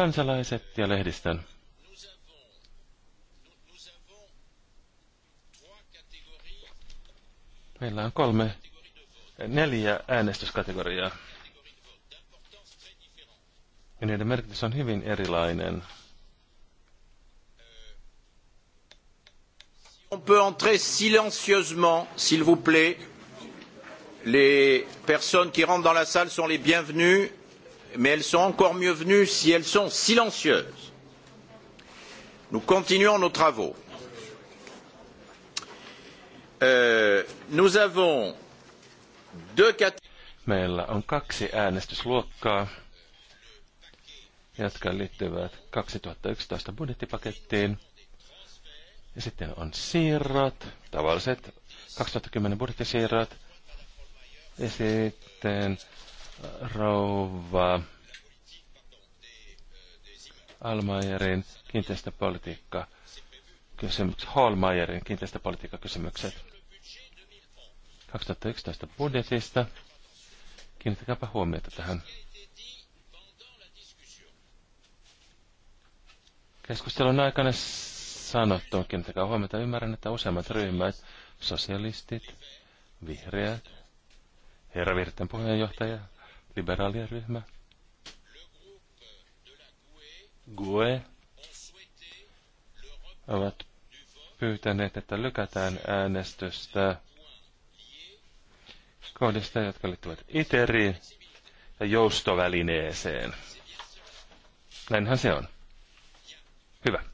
kansalaiset ja lehdistön. Meillä on kolme, neljä äänestyskategoriaa. Ja niiden merkitys on hyvin erilainen. On peut entrer silencieusement, s'il vous plaît. Les personnes qui rentrent dans la salle sont les bienvenues mais elles sont encore mieux venues si elles sont silencieuses. Nous continuons nos travaux. Euh, nous avons deux Meillä on kaksi äänestysluokkaa, jotka liittyvät 2011 budjettipakettiin. Ja sitten on siirrot, tavalliset 2010 budjettisiirrot. Ja sitten rouva Almayerin kiinteistöpolitiikka kysymykset, kiinteistöpolitiikka kysymykset. 2011 budjetista. Kiinnittäkääpä huomiota tähän. Keskustelun aikana sanottu, kiinnittäkää huomiota, ymmärrän, että useimmat ryhmät, sosialistit, vihreät, herra Virten puheenjohtaja, liberaalien ryhmä, GUE, ovat pyytäneet, että lykätään äänestystä kohdista, jotka liittyvät ITERiin ja joustovälineeseen. Näinhän se on. Hyvä.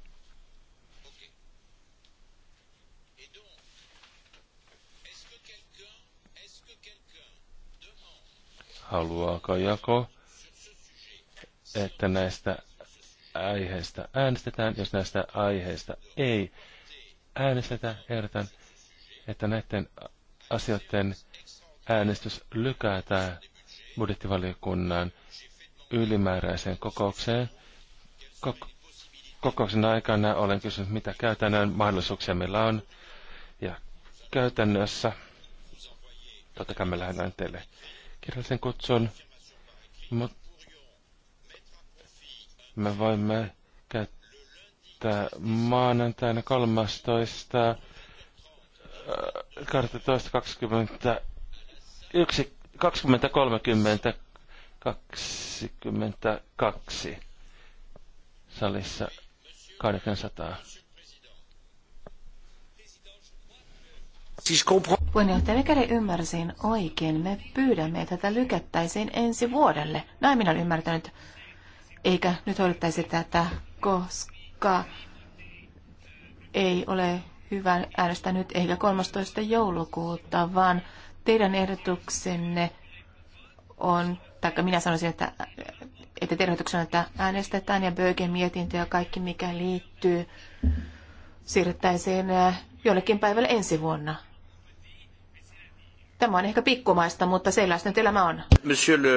Haluaako joko, että näistä aiheista äänestetään, jos näistä aiheista ei äänestetä, ehdotan, että näiden asioiden äänestys lykätään budjettivaliokunnan ylimääräiseen kokoukseen. Kok- kokouksen aikana olen kysynyt, mitä käytännön mahdollisuuksia meillä on. Ja käytännössä, totta kai me lähdetään teille kirjallisen kutsun, mutta me voimme käyttää maanantaina 13. 12. 1, salissa 800. Siis Puheenjohtaja, mikäli ymmärsin oikein, me pyydämme, että tätä lykättäisiin ensi vuodelle. Näin minä olen ymmärtänyt. Eikä nyt hoidettaisi tätä, koska ei ole hyvä äänestää nyt eikä 13. joulukuuta, vaan teidän ehdotuksenne on, tai minä sanoisin, että, että teidän on, että äänestetään ja Bögen mietintö ja kaikki mikä liittyy siirrettäisiin äh, jollekin päivälle ensi vuonna. Tämä on ehkä pikkumaista, mutta sellaista nyt elämä on. Monsieur le,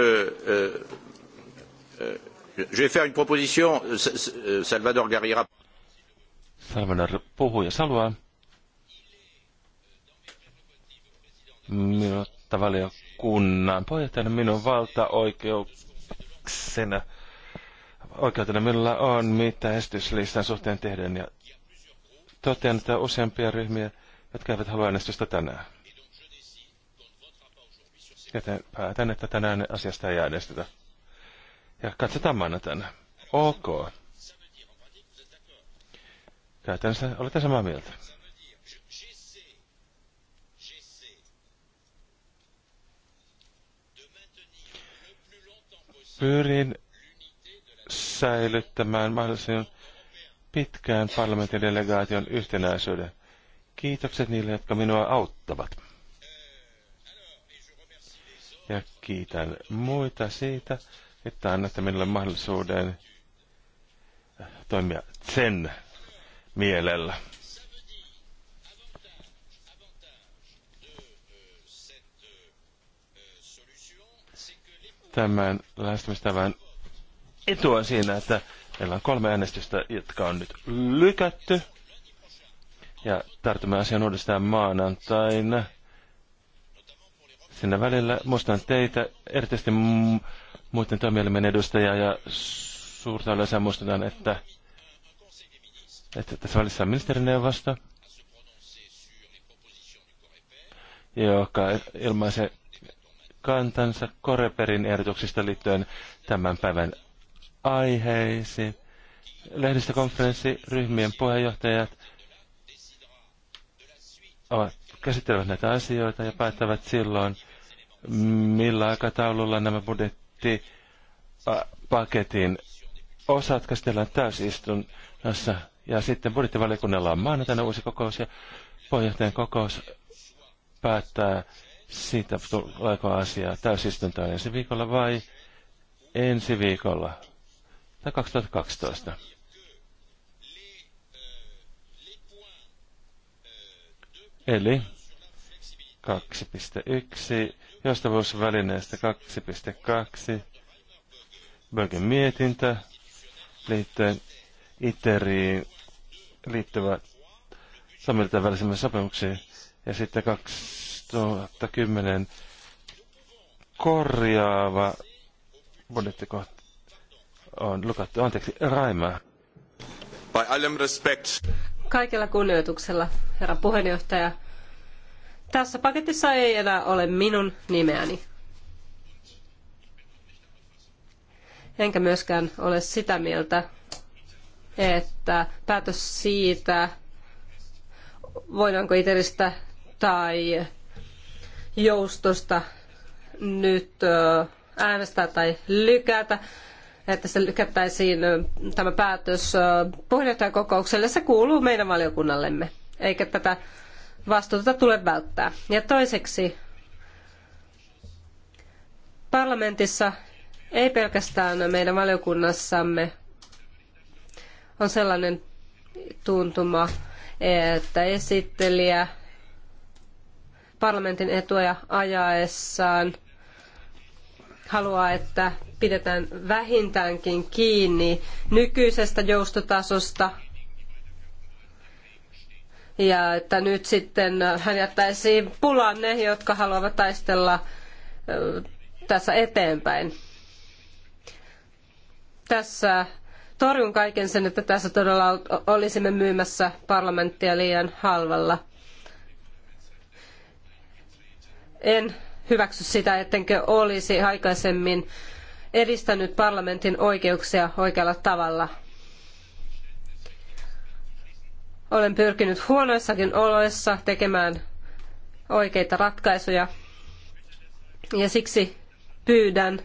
euh, euh je vais faire une proposition, Salvador Garriera. Salvador puhuu, jos haluaa. Minuutta valiokunnan puheenjohtajana minun valtaoikeuksena oikeutena minulla on, mitä esityslistan suhteen tehdään. Ja totean, että useampia ryhmiä, jotka eivät halua äänestystä tänään. Joten päätän, että tänään asiasta ei äänestetä. Ja katsotaan maanantaina. Ok. Käytännössä olette samaa mieltä. Pyrin säilyttämään mahdollisimman pitkään parlamentin delegaation yhtenäisyyden. Kiitokset niille, jotka minua auttavat ja kiitän muita siitä, että annatte minulle mahdollisuuden toimia sen mielellä. Tämän lähestymistavan etu on siinä, että meillä on kolme äänestystä, jotka on nyt lykätty. Ja tartumme asian uudestaan maanantaina. Sinne välillä. Muistan teitä, erityisesti muiden toimielimen edustajia ja suurta yleensä muistetaan, että, että tässä välissä on ministerineuvosto, joka ilmaisee kantansa Koreperin ehdotuksista liittyen tämän päivän aiheisiin. Lehdistökonferenssiryhmien ryhmien puheenjohtajat ovat käsittelevät näitä asioita ja päättävät silloin, millä aikataululla nämä budjettipaketin osat käsitellään täysistunnossa. Ja sitten budjettivaliokunnalla on maanantaina uusi kokous ja puheenjohtajan kokous päättää siitä, tuleeko asiaa täysistuntoon ensi viikolla vai ensi viikolla tai 2012. Eli 2.1, joustavuusvälineestä 2.2, Bögen mietintä, liittyen ITERiin liittyvä Samilta välisemmin sopimuksiin ja sitten 2010 korjaava budjettikohta on lukattu. Anteeksi, Raimaa. allem Kaikella kunnioituksella, herra puheenjohtaja. Tässä paketissa ei enää ole minun nimeäni. Enkä myöskään ole sitä mieltä, että päätös siitä, voidaanko iteristä tai joustosta nyt äänestää tai lykätä, että se lykättäisiin tämä päätös puheenjohtajakokoukselle, se kuuluu meidän valiokunnallemme, eikä tätä vastuuta tule välttää. Ja toiseksi parlamentissa, ei pelkästään meidän valiokunnassamme, on sellainen tuntuma, että esittelijä parlamentin etuja ajaessaan – haluaa, että pidetään vähintäänkin kiinni nykyisestä joustotasosta ja että nyt sitten hän jättäisi pulaan ne, jotka haluavat taistella tässä eteenpäin. Tässä torjun kaiken sen, että tässä todella olisimme myymässä parlamenttia liian halvalla. En hyväksy sitä, ettenkö olisi aikaisemmin edistänyt parlamentin oikeuksia oikealla tavalla. Olen pyrkinyt huonoissakin oloissa tekemään oikeita ratkaisuja ja siksi pyydän,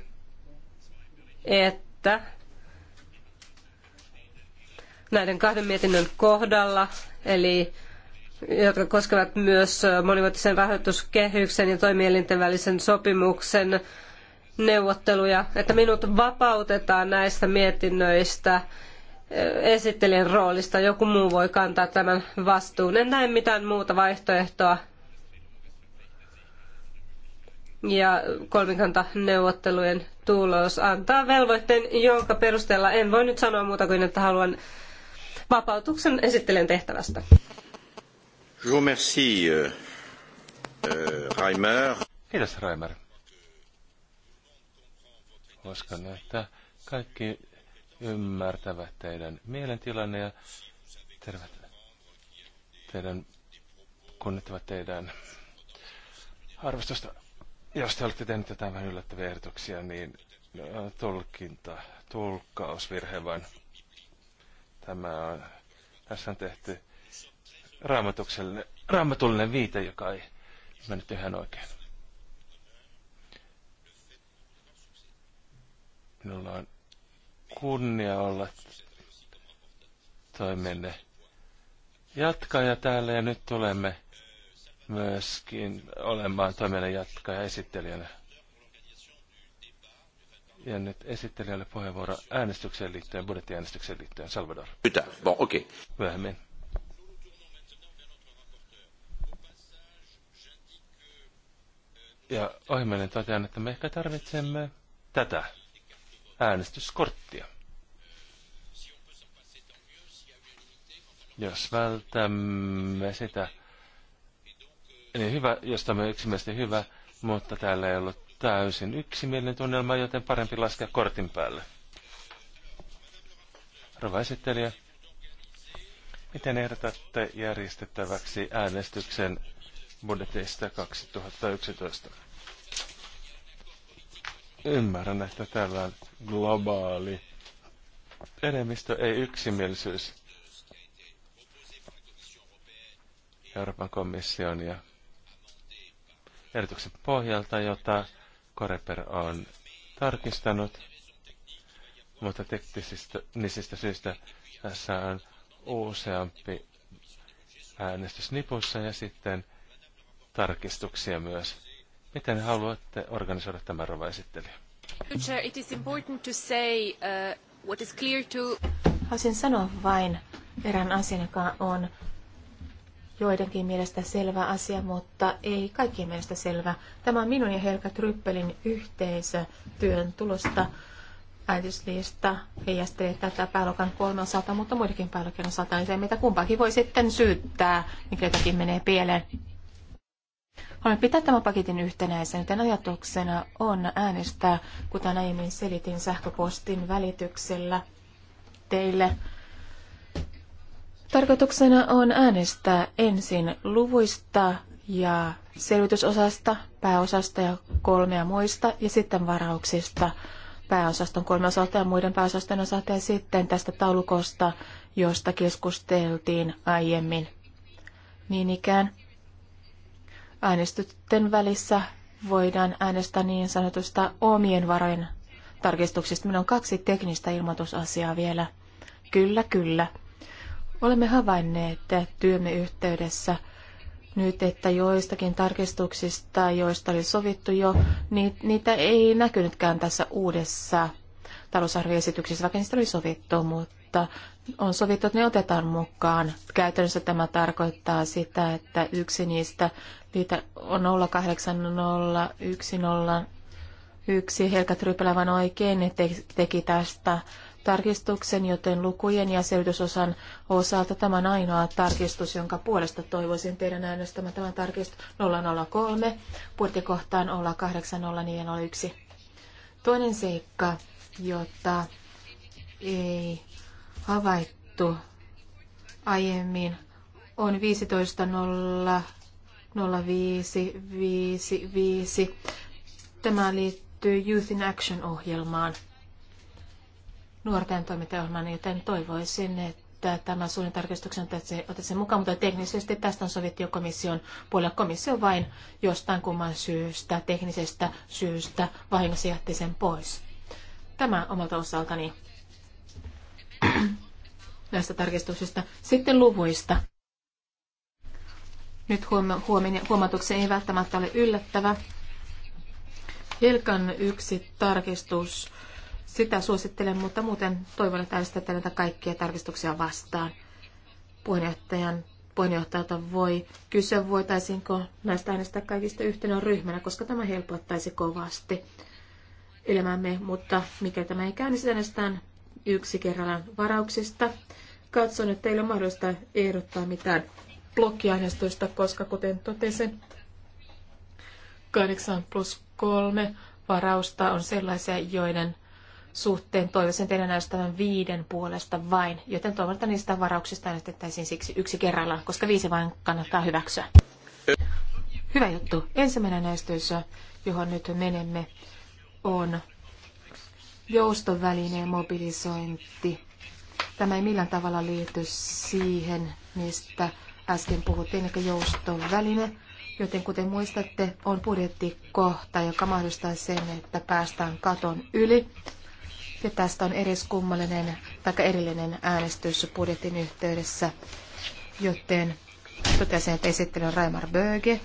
että näiden kahden mietinnön kohdalla, eli jotka koskevat myös monivuotisen rahoituskehyksen ja toimielinten välisen sopimuksen neuvotteluja, että minut vapautetaan näistä mietinnöistä esittelijän roolista. Joku muu voi kantaa tämän vastuun. En näe mitään muuta vaihtoehtoa. Ja kolmikantaneuvottelujen tulos antaa velvoitteen, jonka perusteella en voi nyt sanoa muuta kuin, että haluan vapautuksen esittelijän tehtävästä. Je vous remercie, euh, euh, Reimer. Kiitos, Reimer. Uskon, että kaikki ymmärtävät teidän mielentilanne ja tervet, teidän, kunnittavat teidän arvostusta. Jos te olette tehneet jotain vähän yllättäviä ehdotuksia, niin äh, tulkinta, tulkkausvirhe vain. Tämä on, tässä on tehty raamatullinen viite, joka ei mennyt ihan oikein. Minulla on kunnia olla toimenne jatkaja täällä ja nyt tulemme myöskin olemaan toimenne jatkaja esittelijänä. Ja nyt esittelijälle puheenvuoro äänestykseen liittyen, budjettiäänestykseen liittyen. Salvador. Pytää. Bon, okei. Okay. Myöhemmin. Ja ohimennen totean, että me ehkä tarvitsemme tätä äänestyskorttia. Jos vältämme sitä, niin hyvä, jos tämä on yksimielisesti hyvä, mutta täällä ei ollut täysin yksimielinen tunnelma, joten parempi laskea kortin päälle. Rova esittelijä, miten ehdotatte järjestettäväksi äänestyksen budjetista 2011? Ymmärrän, että täällä on globaali enemmistö, ei yksimielisyys. Euroopan komission ja erityksen pohjalta, jota Koreper on tarkistanut, mutta teknisistä niistä syistä tässä on useampi äänestys nipussa ja sitten tarkistuksia myös. Miten haluatte organisoida tämän rova esittely? It is important to say uh, what is clear to... Haluaisin sanoa vain erään asian, joka on joidenkin mielestä selvä asia, mutta ei kaikkien mielestä selvä. Tämä on minun ja Helka Tryppelin yhteisötyön tulosta. Äitiyslista heijastelee tätä pääluokan kolme osalta, mutta muidenkin pääluokan osalta, Ja se mitä kumpaakin voi sitten syyttää, mikä jotakin menee pieleen. Haluan pitää tämän paketin yhtenäisen, joten ajatuksena on äänestää, kuten aiemmin selitin sähköpostin välityksellä teille. Tarkoituksena on äänestää ensin luvuista ja selvitysosasta, pääosasta ja kolmea muista ja sitten varauksista pääosaston kolme osalta ja muiden pääosaston osalta ja sitten tästä taulukosta, josta keskusteltiin aiemmin. Niin ikään Äänestysten välissä voidaan äänestää niin sanotusta omien varojen tarkistuksista. Minulla on kaksi teknistä ilmoitusasiaa vielä. Kyllä, kyllä. Olemme havainneet työmme yhteydessä nyt, että joistakin tarkistuksista, joista oli sovittu jo, niitä ei näkynytkään tässä uudessa talousarvioesityksessä, vaikka niistä oli sovittu, mutta on sovittu, että ne otetaan mukaan. Käytännössä tämä tarkoittaa sitä, että yksi niistä Niitä on 080101. Helka Trypälä vain oikein teki tästä tarkistuksen, joten lukujen ja selvitysosan osalta tämä on ainoa tarkistus, jonka puolesta toivoisin teidän äänestämään tämän tarkistus 003, budjettikohtaan 080401. Toinen seikka, jota ei havaittu aiemmin, on 15.0 0555. Tämä liittyy Youth in Action-ohjelmaan, nuorten toimintaohjelmaan, joten toivoisin, että tämä tarkistuksen otetaan mukaan, mutta teknisesti tästä on sovittu jo komission puolella. Komissio vain jostain kumman syystä, teknisestä syystä vahingossa jätti sen pois. Tämä omalta osaltani näistä tarkistuksista. Sitten luvuista nyt huomautuksen ei välttämättä ole yllättävä. Hilkan yksi tarkistus, sitä suosittelen, mutta muuten toivon, että äänestätte näitä kaikkia tarkistuksia vastaan. Puheenjohtajan puheenjohtajalta voi kysyä, voitaisiinko näistä äänestää kaikista yhtenä ryhmänä, koska tämä helpottaisi kovasti elämämme, mutta mikä tämä ei käy, niin äänestetään yksi kerrallaan varauksista. Katson, että teillä on mahdollista ehdottaa mitään blokkiäänestystä, koska kuten totesin, 8 plus 3 varausta on sellaisia, joiden suhteen toivoisin teidän äänestävän viiden puolesta vain, joten toivon, että niistä varauksista äänestettäisiin siksi yksi kerrallaan, koska viisi vain kannattaa hyväksyä. Hyvä juttu. Ensimmäinen äänestys, johon nyt menemme, on joustovälineen mobilisointi. Tämä ei millään tavalla liity siihen, mistä äsken puhuttiin, eli jouston väline, joten kuten muistatte, on budjettikohta, joka mahdollistaa sen, että päästään katon yli. Ja tästä on kummallinen tai erillinen äänestys budjetin yhteydessä, joten totesin, että esittely on Raimar Böge,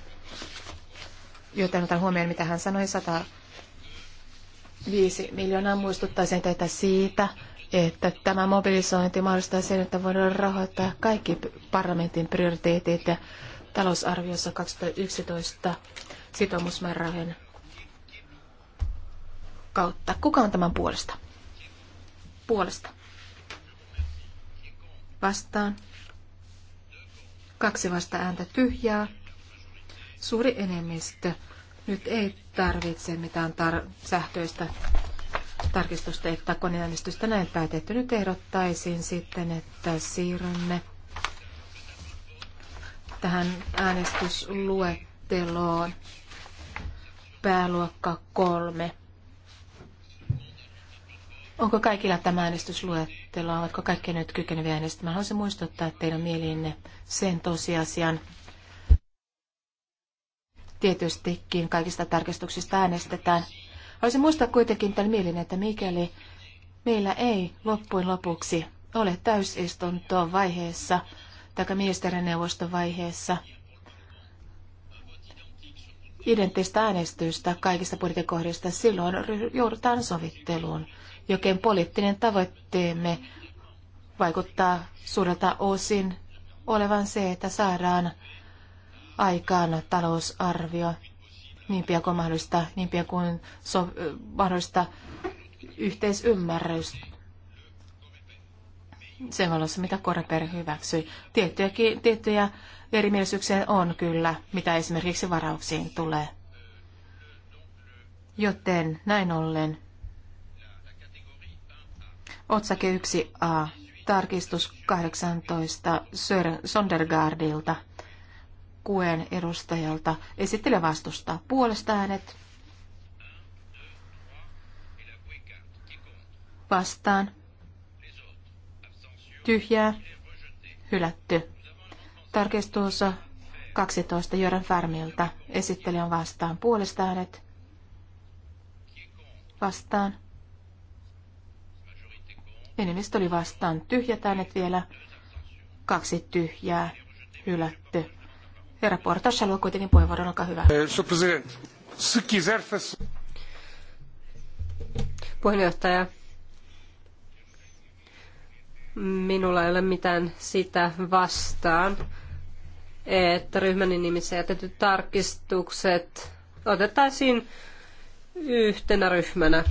joten otan huomioon, mitä hän sanoi, 105 miljoonaa muistuttaisin teitä siitä, että tämä mobilisointi mahdollistaa sen, että voidaan rahoittaa kaikki parlamentin prioriteetit ja talousarviossa 2011 sitoumusmäärärahojen kautta. Kuka on tämän puolesta? Puolesta. Vastaan. Kaksi vasta ääntä tyhjää. Suuri enemmistö. Nyt ei tarvitse mitään tar- sähköistä tarkistusta ehdottaa koneäänestystä näin päätetty. Nyt ehdottaisin sitten, että siirrymme tähän äänestysluetteloon pääluokka kolme. Onko kaikilla tämä äänestysluettelo? Oletko kaikki nyt kykeneviä äänestämään? Haluaisin muistuttaa teidän mieliinne sen tosiasian. Tietystikin kaikista tarkistuksista äänestetään Haluaisin muistaa kuitenkin tämän mielin, että mikäli meillä ei loppujen lopuksi ole täysistuntoa vaiheessa tai ministerineuvoston vaiheessa identtistä äänestystä kaikista budjettikohdista, silloin joudutaan sovitteluun. Jokin poliittinen tavoitteemme vaikuttaa suurelta osin olevan se, että saadaan aikaan talousarvio, niin pian kuin mahdollista, niin pian kuin so, mahdollista yhteisymmärrys sen valossa, mitä Koreper hyväksyi. Tiettyjä, tiettyjä erimielisyyksiä on kyllä, mitä esimerkiksi varauksiin tulee. Joten näin ollen otsake 1a, tarkistus 18 Sir Sondergaardilta – Kuen edustajalta. Esittele vastusta puolesta äänet. Vastaan. Tyhjää. Hylätty. Tarkistus 12 Jörän Färmiltä. Esittelijä on vastaan. Puolesta äänet. Vastaan. Enemmistö oli vastaan. Tyhjät äänet vielä. Kaksi tyhjää. Hylätty. Herra Portas haluaa kuitenkin puheenvuoron, olkaa hyvä. Eh, Puheenjohtaja, minulla ei ole mitään sitä vastaan, että ryhmäni nimissä jätetyt tarkistukset otettaisiin yhtenä ryhmänä.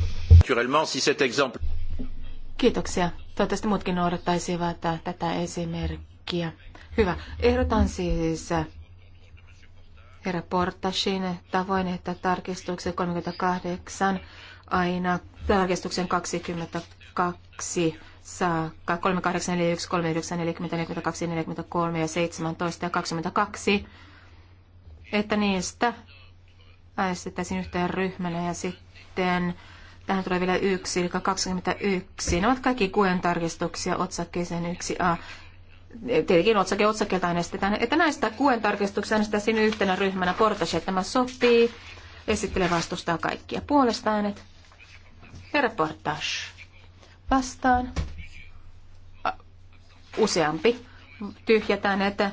Kiitoksia. Toivottavasti muutkin noudattaisivat tätä esimerkkiä. Hyvä. Ehdotan siis herra Portasin tavoin, että tarkistuksen 38 aina tarkistuksen 22 saakka 38, 41, 39, 40, 42, 43 ja 17 ja 22, että niistä äänestettäisiin yhteen ryhmänä ja sitten tähän tulee vielä yksi, eli 21. Ne ovat kaikki kuen tarkistuksia otsakkeeseen 1a tietenkin otsake otsakelta äänestetään, että näistä kuen tarkistuksista äänestetään yhtenä ryhmänä että Tämä sopii. Esittelee vastustaa kaikkia. Puolesta äänet. Herra Portas. Vastaan. Useampi. Tyhjätään, että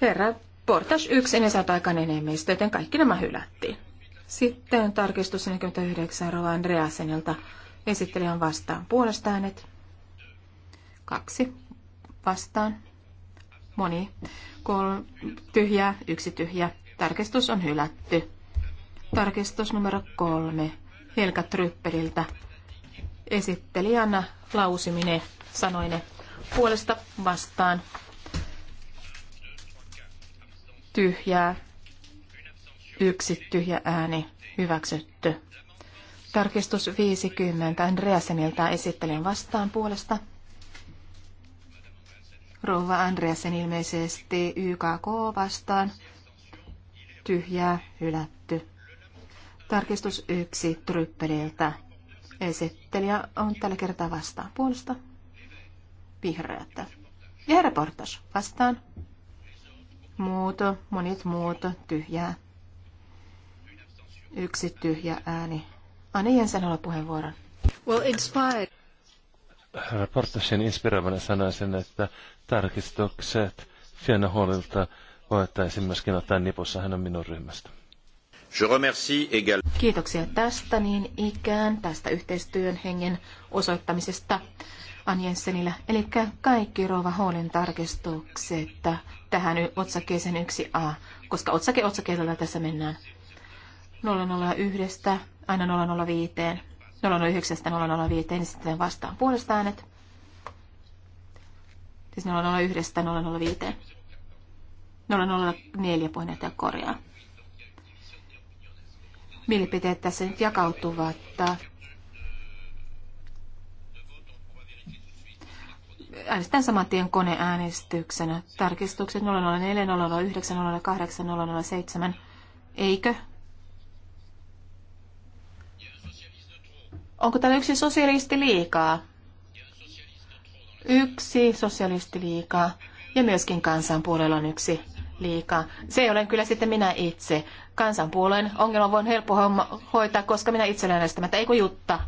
herra Portas yksi ennen saatu aikaan enemmistö, joten kaikki nämä hylättiin. Sitten tarkistus 49 Rova Andreasenilta. Esittelijän vastaan puolesta äänet. Kaksi vastaan. Moni. Kol, tyhjä yksi tyhjä. Tarkistus on hylätty. Tarkistus numero kolme. Helka Tryppeliltä. Esittelijänä lausimine sanoine puolesta vastaan. Tyhjää. Yksi tyhjä ääni. Hyväksytty. Tarkistus 50. Andreasenilta esittelijän vastaan puolesta Rouva Andreasen ilmeisesti YKK vastaan. Tyhjää hylätty. Tarkistus yksi Tryppeliltä. Esittelijä on tällä kertaa vastaan. Puolesta vihreätä. Ja reportas vastaan. Muuto, monet muuto, tyhjää. Yksi tyhjä ääni. Anne Jensen haluaa puheenvuoron. Well, inspired herra inspiroivana sanoisin, että tarkistukset Fiona Hallilta voitaisiin myöskin ottaa nipussa. Hän on minun ryhmästä. Kiitoksia tästä niin ikään, tästä yhteistyön hengen osoittamisesta Anjensenillä. Eli kaikki Rova Hallin tarkistukset tähän otsakkeeseen 1a, koska otsake otsakeella tässä mennään 001 aina 005. 009.005 ensin niin vastaan puolesta äänet. Siis 001.005. 004 puheenjohtaja korjaa. Mielipiteet tässä nyt jakautuvat. Äänestetään saman tien koneäänestyksenä. Tarkistukset 004, 009, 008, 007. Eikö? Onko täällä yksi sosialisti liikaa? Yksi sosialisti liikaa. Ja myöskin kansanpuolella on yksi liikaa. Se ei ole kyllä sitten minä itse. Kansanpuolen ongelma voin helppo homma hoitaa, koska minä itse olen äänestämättä. Eikö Jutta?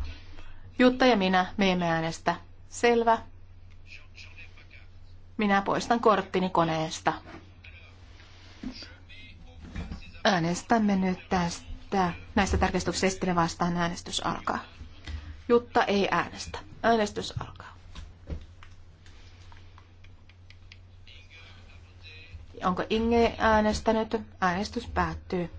Jutta ja minä, me emme äänestä. Selvä. Minä poistan korttini koneesta. Äänestämme nyt tästä. Näistä tarkistuksista sitten vastaan äänestys alkaa. Jutta ei äänestä. Äänestys alkaa. Onko Inge äänestänyt? Äänestys päättyy.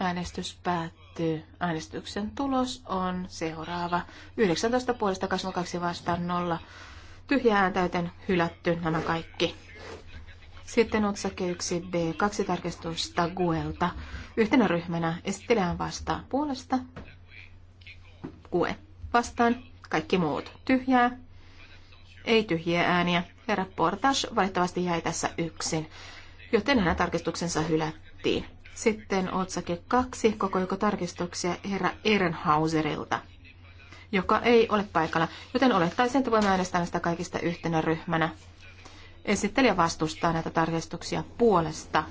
Äänestys päättyy. Äänestyksen tulos on seuraava. 19 puolesta 22 vastaan 0. Tyhjää ääntäyten hylätty nämä kaikki. Sitten otsake 1b, kaksi tarkistusta GUELta. Yhtenä ryhmänä esitellään vasta puolesta. GUE vastaan. Kaikki muut tyhjää. Ei tyhjiä ääniä. Herra Portas valitettavasti jäi tässä yksin, joten hänen tarkistuksensa hylättiin. Sitten otsake kaksi, koko joko tarkistuksia herra Ehrenhauserilta joka ei ole paikalla, joten olettaisin, että voimme äänestää näistä kaikista yhtenä ryhmänä. Esittelijä vastustaa näitä tarkistuksia puolesta.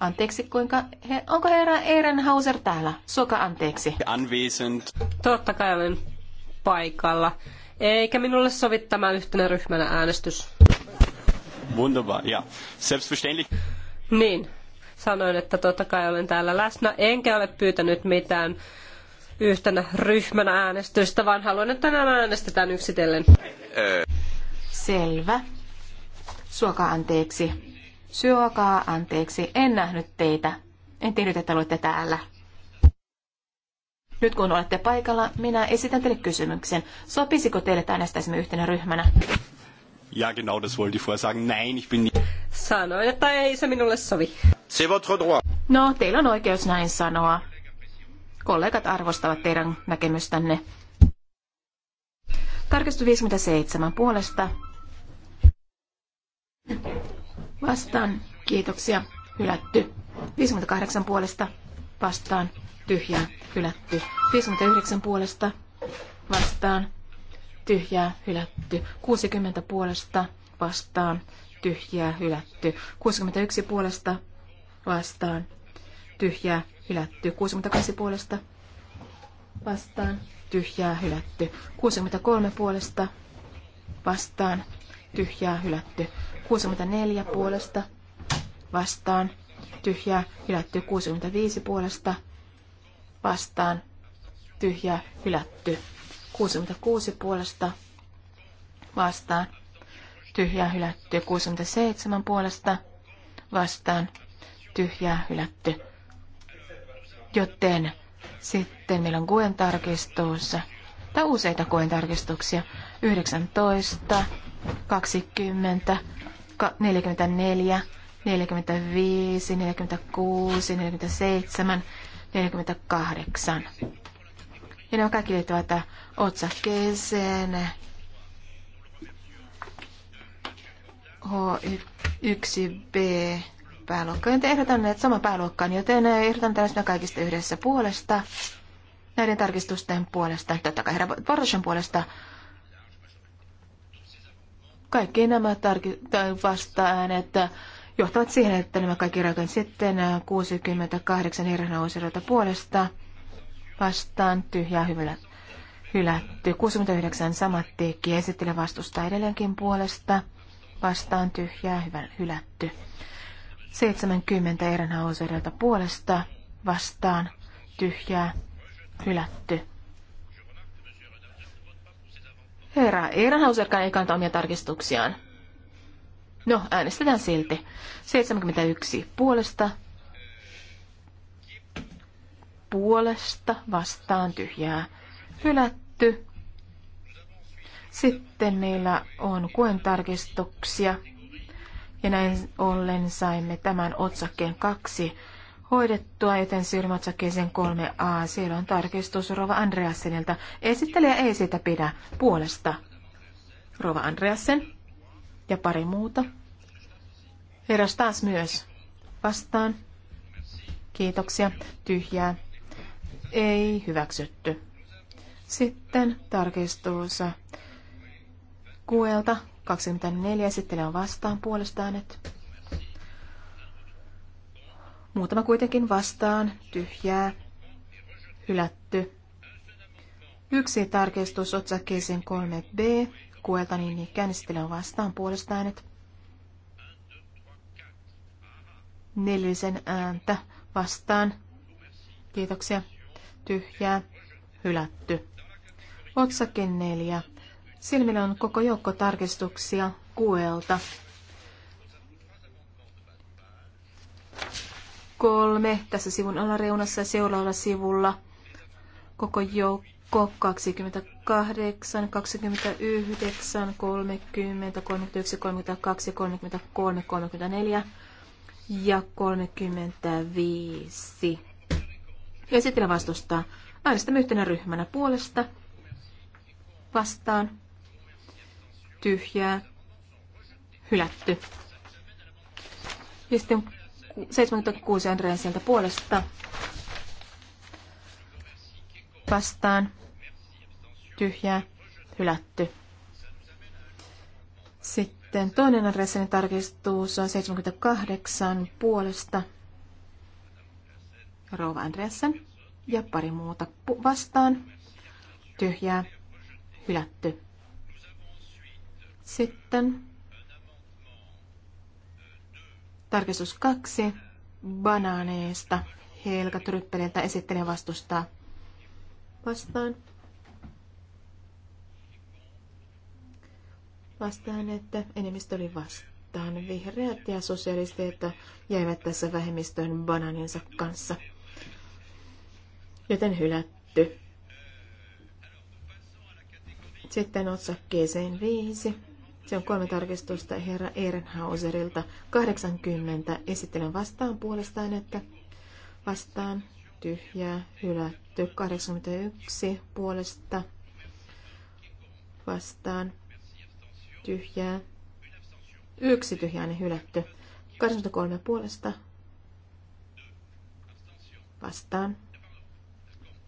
Anteeksi, kuinka... He, onko herra Ehrenhauser täällä? Suoka anteeksi. Anwesend. Totta kai olen paikalla. Eikä minulle sovi tämä yhtenä ryhmänä äänestys. Wunderbar, ja. Selbstverständlich. Niin, sanoin, että totta kai olen täällä läsnä. Enkä ole pyytänyt mitään yhtenä ryhmänä äänestystä, vaan haluan, että nämä äänestetään yksitellen. Selvä. Suokaa anteeksi. Suokaa anteeksi. En nähnyt teitä. En tiennyt, että olette täällä. Nyt kun olette paikalla, minä esitän teille kysymyksen. Sopisiko teille, että äänestäisimme yhtenä ryhmänä? Ja genau das wollte ich vorher sagen. Nein, ich bin nicht. Sanoin, että ei se minulle sovi. C'est votre droit. No, teillä on oikeus näin sanoa. Kollegat arvostavat teidän näkemystänne. Tarkistus 57 puolesta. Vastaan. Kiitoksia. Hylätty. 58 puolesta. Vastaan. Tyhjää. Hylätty. 59 puolesta. Vastaan. Tyhjää. Hylätty. 60 puolesta. Vastaan. Tyhjää. Hylätty. 61 puolesta. Vastaan. Tyhjää hylätty. 62 puolesta vastaan tyhjää hylätty. 63 puolesta vastaan tyhjää hylätty. 64 puolesta vastaan tyhjää hylätty. 65 puolesta vastaan tyhjää hylätty. 66 puolesta vastaan tyhjää hylätty. 67 puolesta vastaan tyhjää hylätty. Joten sitten meillä on Guen tarkistus, tai useita Guen tarkistuksia, 19, 20, 44, 45, 46, 47, 48. Ja ne on kaikki liittyvät otsakkeeseen H1B pääluokkaan, joten ehdotan ne sama pääluokkaan, joten ehdotan tällaista kaikista yhdessä puolesta, näiden tarkistusten puolesta, totta kai herra Portosen puolesta. Kaikki nämä tarki- tai vasta-äänet johtavat siihen, että nämä kaikki rakentavat sitten 68 herranousiroita puolesta vastaan tyhjää hyvällä hylätty. 69 samat teki Esittelen vastusta edelleenkin puolesta vastaan tyhjää hyvä, hylätty. 70 Ehrenhauserilta puolesta vastaan tyhjää hylätty. Herra Ehrenhauserkaan ei kanta omia tarkistuksiaan. No, äänestetään silti. 71 puolesta puolesta vastaan tyhjää hylätty. Sitten meillä on kuen tarkistuksia. Ja näin ollen saimme tämän otsakkeen kaksi hoidettua, joten siirrymme otsakkeeseen 3a. Siellä on tarkistus Rova Andreasenilta. Esittelijä ei sitä pidä puolesta. Rova Andreasen ja pari muuta. Herras taas myös vastaan. Kiitoksia. Tyhjää. Ei hyväksytty. Sitten tarkistus Kuelta 24 esittelee on vastaan puolestaan, että Muutama kuitenkin vastaan, tyhjää, hylätty. Yksi tarkistus otsakkeeseen 3b, kuelta niin ikään on vastaan puolestaan, että Nelisen ääntä vastaan. Kiitoksia. Tyhjää, hylätty. Otsakke 4 Silmillä on koko joukko tarkistuksia kuelta. Kolme tässä sivun alareunassa ja seuraavalla sivulla koko joukko 28, 29, 30, 31, 32, 33, 34 ja 35. Ja sitten vastustaa. Äänestämme yhtenä ryhmänä puolesta vastaan tyhjää, hylätty. Ja sitten 76 sieltä puolesta vastaan, tyhjää, hylätty. Sitten toinen adressin tarkistus on 78 puolesta Rouva Andreasen ja pari muuta vastaan. Tyhjää, hylätty. Sitten tarkistus kaksi banaaneista. Helga Tryppeliltä esittelee vastustaa. Vastaan. Vastaan, että enemmistö oli vastaan. Vihreät ja sosialistit jäivät tässä vähemmistöön bananinsa kanssa. Joten hylätty. Sitten otsakkeeseen viisi. Se on kolme tarkistusta herra Ehrenhauserilta. 80 esittelen vastaan puolestaan, että vastaan tyhjää hylätty. 81 puolesta vastaan tyhjää. Yksi tyhjäinen niin hylätty. 83 puolesta vastaan.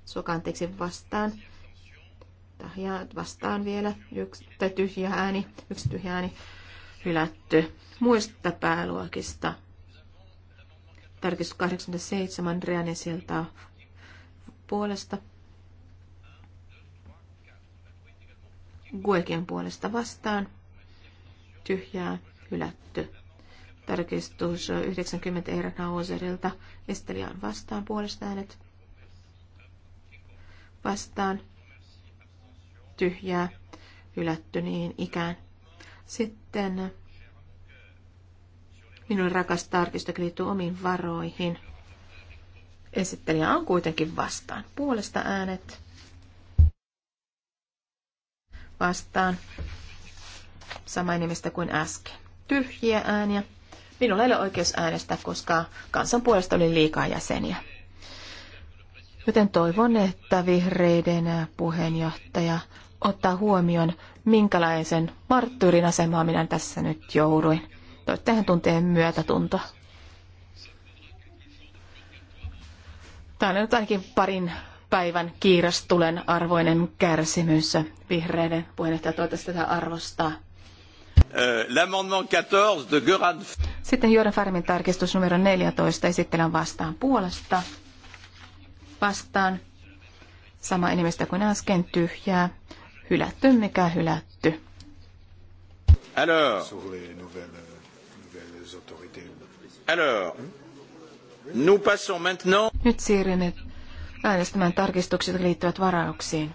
Suoka anteeksi vastaan ja vastaan vielä yksi tai tyhjä ääni, yksi tyhjä ääni hylätty. Muista pääluokista. Tarkistus 87 Andrea Nesilta puolesta. Guekin puolesta vastaan. Tyhjää hylätty. Tarkistus 90 Erna Oserilta. Estelian vastaan puolesta äänet. Vastaan tyhjää hylätty niin ikään. Sitten minun rakas tarkistokin liittyy omiin varoihin. Esittelijä on kuitenkin vastaan. Puolesta äänet vastaan sama nimestä kuin äsken. Tyhjiä ääniä. Minulla ei ole oikeus äänestää, koska kansan puolesta oli liikaa jäseniä. Joten toivon, että vihreiden puheenjohtaja ottaa huomioon, minkälaisen marttyyrin asemaa minä tässä nyt jouduin. Toivottavasti hän tunteen myötätuntoa. Täällä nyt ainakin parin päivän kiirastulen arvoinen kärsimys. Vihreiden puheenjohtaja toivottavasti tätä arvostaa. Euh, l'amendement 14 de Göran... Sitten Jordan Farmin tarkistus numero 14 esittelen vastaan puolesta. Vastaan sama enemmistö kuin äsken tyhjää hylätty mikä hylätty. Alors, alors nous passons maintenant... Nyt siirrymme äänestämään tarkistukset liittyvät varauksiin.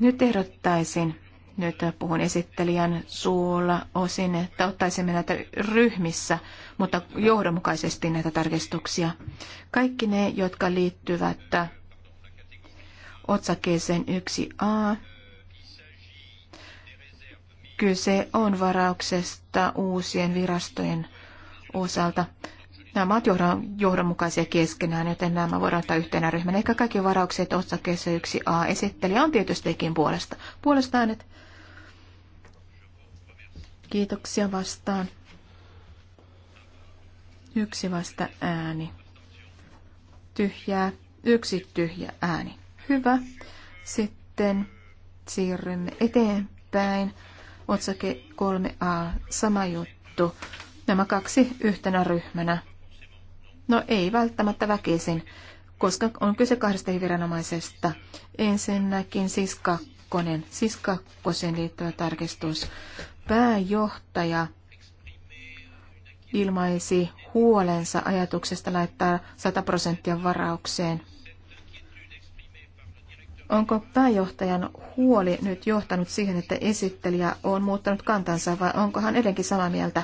Nyt ehdottaisin, nyt puhun esittelijän suulla osin, että ottaisimme näitä ryhmissä, mutta johdonmukaisesti näitä tarkistuksia. Kaikki ne, jotka liittyvät otsakkeeseen 1a. Kyse on varauksesta uusien virastojen osalta. Nämä ovat johdonmukaisia keskenään, joten nämä voidaan ottaa yhtenä ryhmänä. Ehkä kaikki varaukset otsakkeessa 1a esittelijä on tietystikin puolesta. Puolesta että Kiitoksia vastaan. Yksi vasta ääni. Tyhjää. Yksi tyhjä ääni. Hyvä. Sitten siirrymme eteenpäin. Otsake 3a, sama juttu. Nämä kaksi yhtenä ryhmänä. No ei välttämättä väkisin, koska on kyse kahdesta viranomaisesta. Ensinnäkin siis kakkonen, siis kakkosen liittyvä tarkistus. Pääjohtaja ilmaisi huolensa ajatuksesta laittaa 100 prosenttia varaukseen – Onko pääjohtajan huoli nyt johtanut siihen, että esittelijä on muuttanut kantansa vai onko hän edelleenkin samaa mieltä?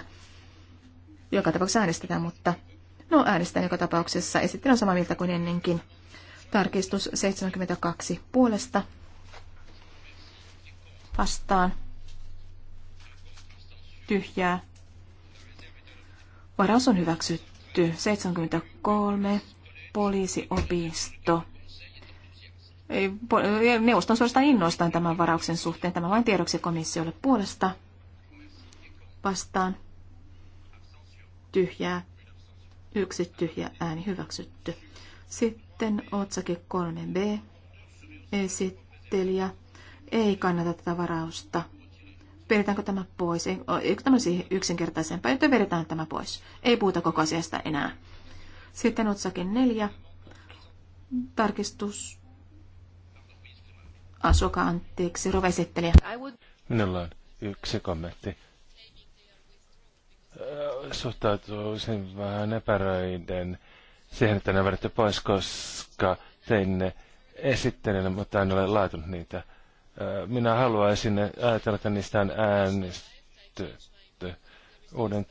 Joka tapauksessa äänestetään, mutta no äänestetään joka tapauksessa. Esittelijä on samaa mieltä kuin ennenkin. Tarkistus 72 puolesta vastaan tyhjää. Varaus on hyväksytty. 73 poliisiopisto neuvoston suorastaan innoistaan tämän varauksen suhteen. Tämä vain tiedoksi komissiolle puolesta vastaan tyhjää, yksi tyhjä ääni hyväksytty. Sitten otsake 3b, esittelijä, ei kannata tätä varausta. Vedetäänkö tämä pois? Eikö tämä siihen yksinkertaisempaa, joten vedetään tämä pois. Ei puhuta koko asiasta enää. Sitten otsake 4, tarkistus Asuka, anteeksi, rovesittelijä. Minulla on yksi kommentti. Äh, Suhtautuisin vähän epäröiden siihen, että ne vedätte pois, koska tein ne esittelen, mutta en ole laitunut niitä. Äh, minä haluaisin ajatella, että niistä on äänestetty. Uuden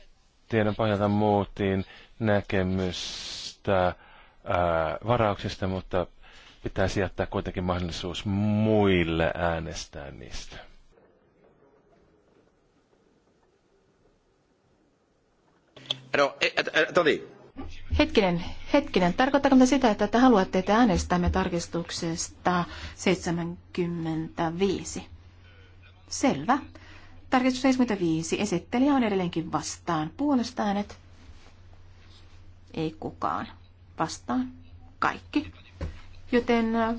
tiedon pohjalta muutin näkemystä äh, varauksista, mutta pitäisi jättää kuitenkin mahdollisuus muille äänestää niistä. No, attendez. E, hetkinen, hetkinen. Tarkoittaako me sitä, että te haluatte, että äänestämme tarkistuksesta 75? Selvä. Tarkistus 75. Esittelijä on edelleenkin vastaan. Puolesta äänet? Ei kukaan. Vastaan. Kaikki joten äh,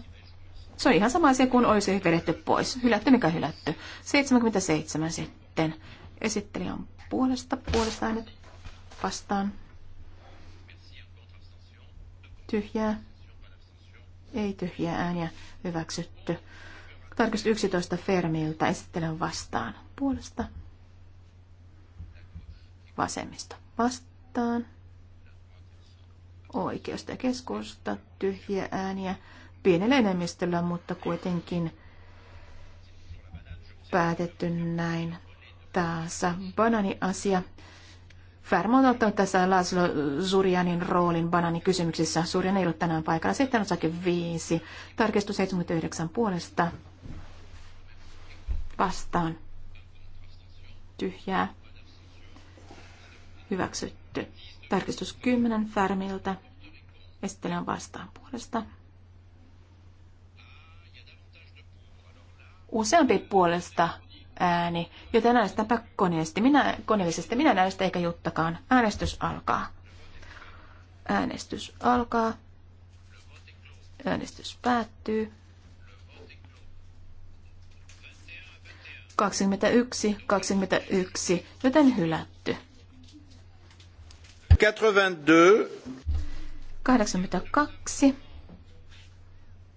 se on ihan sama asia kuin olisi vedetty pois. Hylätty mikä hylätty. 77 sitten. Esittelijä on puolesta, puolesta äänet vastaan. Tyhjää. Ei tyhjää ääniä hyväksytty. Tarkistus 11 Fermiltä. Esittelen vastaan. Puolesta. Vasemmista. Vastaan oikeasta ja keskusta tyhjiä ääniä pienellä enemmistöllä, mutta kuitenkin päätetty näin tässä bananiasia. Färmo on ottanut tässä Laszlo Zurianin roolin bananikysymyksissä. Zurian ei ollut tänään paikalla. Sitten osake 5. Tarkistus 79 puolesta. Vastaan. Tyhjää. Hyväksytty. Tarkistus 10 Färmiltä. Esittelen vastaan puolesta. Useampi puolesta ääni, joten äänestänpä koneellisesti. Minä, koneellisesti minä äänestä eikä juttakaan. Äänestys alkaa. Äänestys alkaa. Äänestys päättyy. 21, 21, joten hylätty. 82. 82.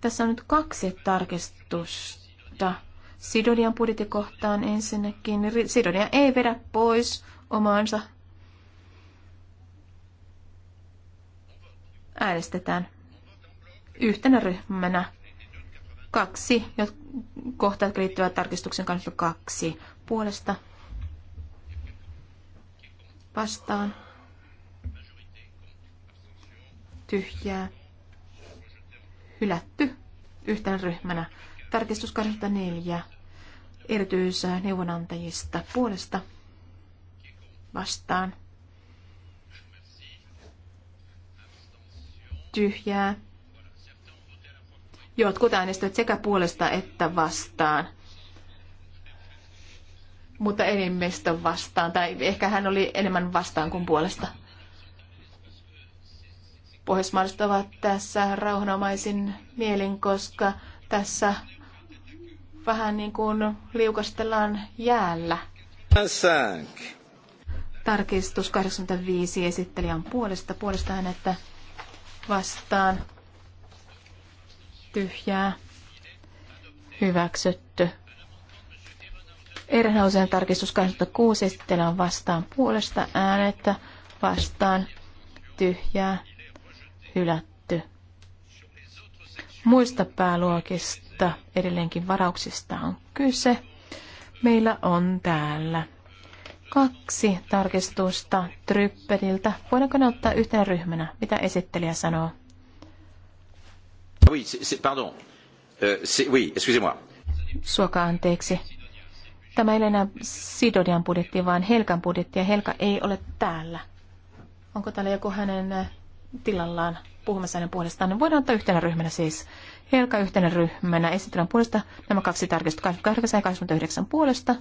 Tässä on nyt kaksi tarkistusta. Sidonian budjettikohtaan ensinnäkin. Sidonia ei vedä pois omaansa. Äänestetään yhtenä ryhmänä kaksi, kohtaat liittyvät tarkistuksen kanssa kaksi puolesta vastaan tyhjää, hylätty yhtenä ryhmänä. Tarkistus 24 neuvonantajista puolesta vastaan. Tyhjää. Jotkut äänestävät sekä puolesta että vastaan mutta enemmistön vastaan, tai ehkä hän oli enemmän vastaan kuin puolesta. Pohjoismaalaiset ovat tässä rauhanomaisin mielin, koska tässä vähän niin kuin liukastellaan jäällä. Tarkistus 85 esittelijän puolesta. Puolesta että vastaan tyhjää hyväksytty. Erhausen tarkistus 86 esittelijän vastaan puolesta äänettä vastaan tyhjää hylätty. Muista pääluokista edelleenkin varauksista on kyse. Meillä on täällä kaksi tarkistusta Tryppeliltä. Voidaanko ne ottaa yhtenä ryhmänä? Mitä esittelijä sanoo? Oui, c'est, pardon. Euh, oui, excusez-moi. anteeksi. Tämä ei ole enää Sidonian budjetti, vaan Helkan budjetti, ja Helka ei ole täällä. Onko täällä joku hänen tilallaan puhumassa hänen puolestaan, niin voidaan ottaa yhtenä ryhmänä siis Helka yhtenä ryhmänä esitellään puolesta nämä kaksi tarkistusta 28 ja 29 puolesta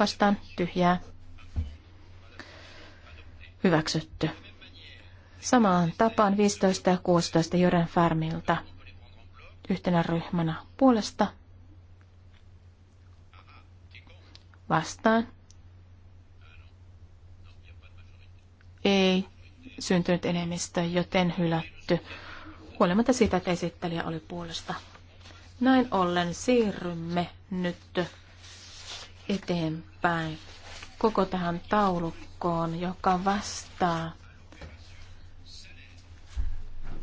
vastaan tyhjää hyväksytty. Samaan tapaan 15 ja 16 Jörän Färmiltä yhtenä ryhmänä puolesta vastaan. Ei syntynyt enemmistö, joten hylätty, huolimatta siitä, että esittelijä oli puolesta. Näin ollen siirrymme nyt eteenpäin koko tähän taulukkoon, joka vastaa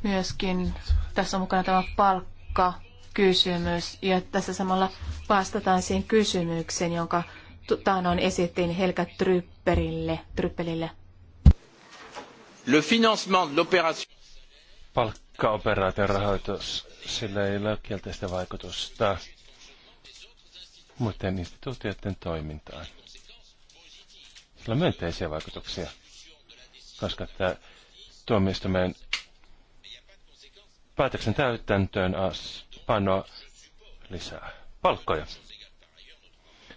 myöskin, tässä on mukana tämä palkka, kysymys. Ja tässä samalla vastataan siihen kysymykseen, jonka taanoin esittiin Helga Trypperille. Le financement de l'opération... Palkkaoperaation rahoitus, sillä ei ole kielteistä vaikutusta muiden instituutioiden toimintaan. Sillä on myönteisiä vaikutuksia, koska tämä tuomioistuimen päätöksen täytäntöön pano lisää palkkoja.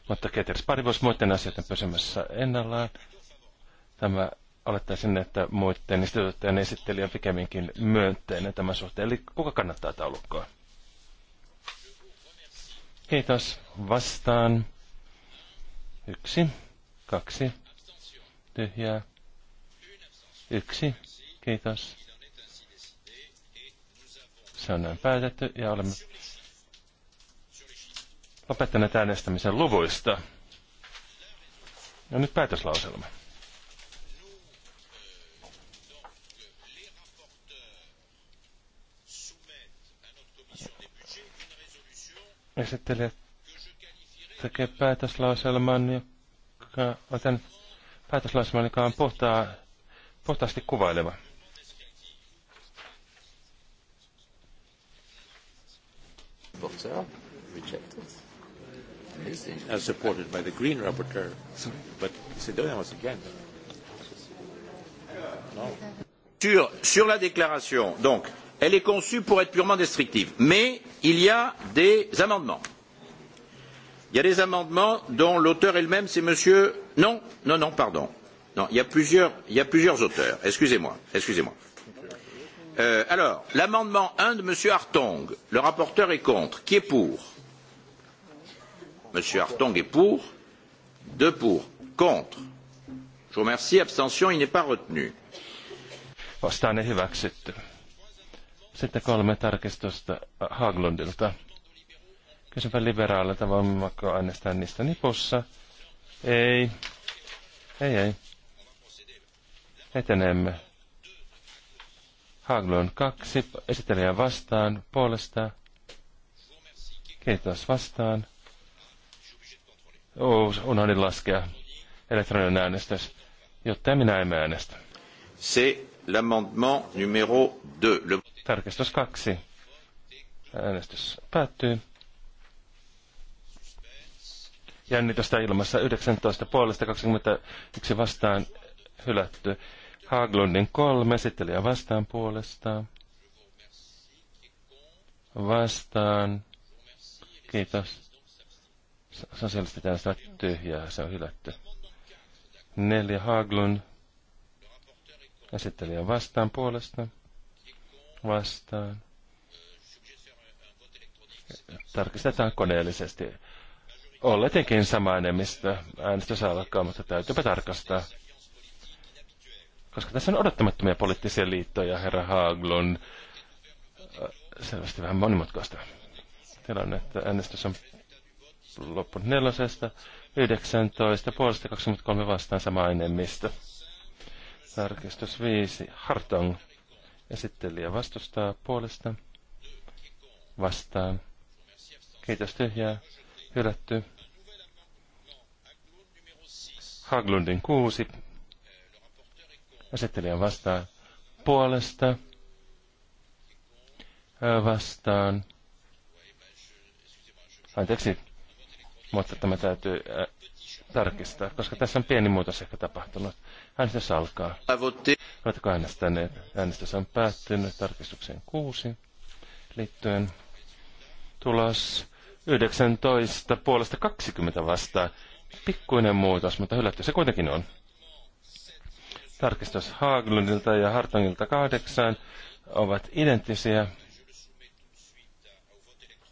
Mutta Keters Paribus muiden asioiden pysymässä ennallaan. Tämä olettaisin, että muiden instituuttien esittelijä on pikemminkin myönteinen tämän suhteen. Eli kuka kannattaa taulukkoa? Kiitos. Vastaan. Yksi. Kaksi. Tyhjää. Yksi. Kiitos. Se on näin päätetty ja olemme lopettaneet äänestämisen luvuista. Ja nyt päätöslauselma. esittelijä tekee päätöslauselman, joka, otan päätöslauselman, joka on puhtaa, puhtaasti kuvaileva. As supported by the Green Rapporteur, but Sedonia was again. No. Sur, sur la déclaration, donc, elle est conçue pour être purement descriptive mais il y a des amendements il y a des amendements dont l'auteur elle même c'est monsieur non non non pardon non il y a plusieurs il y a plusieurs auteurs excusez moi excusez moi euh, alors l'amendement un de monsieur Hartong le rapporteur est contre qui est pour monsieur Hartong est pour deux pour contre je vous remercie abstention il n'est pas retenu Vastaan ne hyväksytty. Sitten kolme tarkistusta Haglundilta. Kysynpä liberaalilta, voimmeko äänestää niistä nipussa? Ei. Ei, ei. Etenemme. Haglund kaksi, esittelijä vastaan, puolesta. Kiitos vastaan. Oh, unohdin laskea. Elektroninen äänestys. Jotta minä emme äänestä. Se L'amendement 2. Tarkistus Äänestys päättyy. Jännitystä ilmassa 19 puolesta 21 vastaan hylätty. Haglundin kolme, esittelijä vastaan puolesta Vastaan. Kiitos. Sosialistit äänestävät tyhjää, se on hylätty. Neljä Haglund Esittelijä vastaan puolesta. Vastaan. Tarkistetaan koneellisesti. On etenkin sama enemmistö. Äänestys alkaa, mutta täytyypä tarkastaa. Koska tässä on odottamattomia poliittisia liittoja, herra Haaglund äh, selvästi vähän monimutkaista että Äänestys on loppunut nelosesta, 19, puolesta 23 vastaan sama enemmistö. Tarkistus 5. Hartong. Esittelijä vastustaa puolesta. Vastaan. Kiitos tyhjää. Hylätty. Haglundin 6. Esittelijä vastaa puolesta. Vastaan. Anteeksi, mutta tämä täytyy tarkistaa, koska tässä on pieni muutos ehkä tapahtunut. Äänestys alkaa. Oletko äänestäneet? Äänestys on päättynyt tarkistukseen kuusi liittyen. Tulos 19 puolesta 20 vastaan. Pikkuinen muutos, mutta hylätty se kuitenkin on. Tarkistus Haaglundilta ja Hartongilta kahdeksan ovat identtisiä.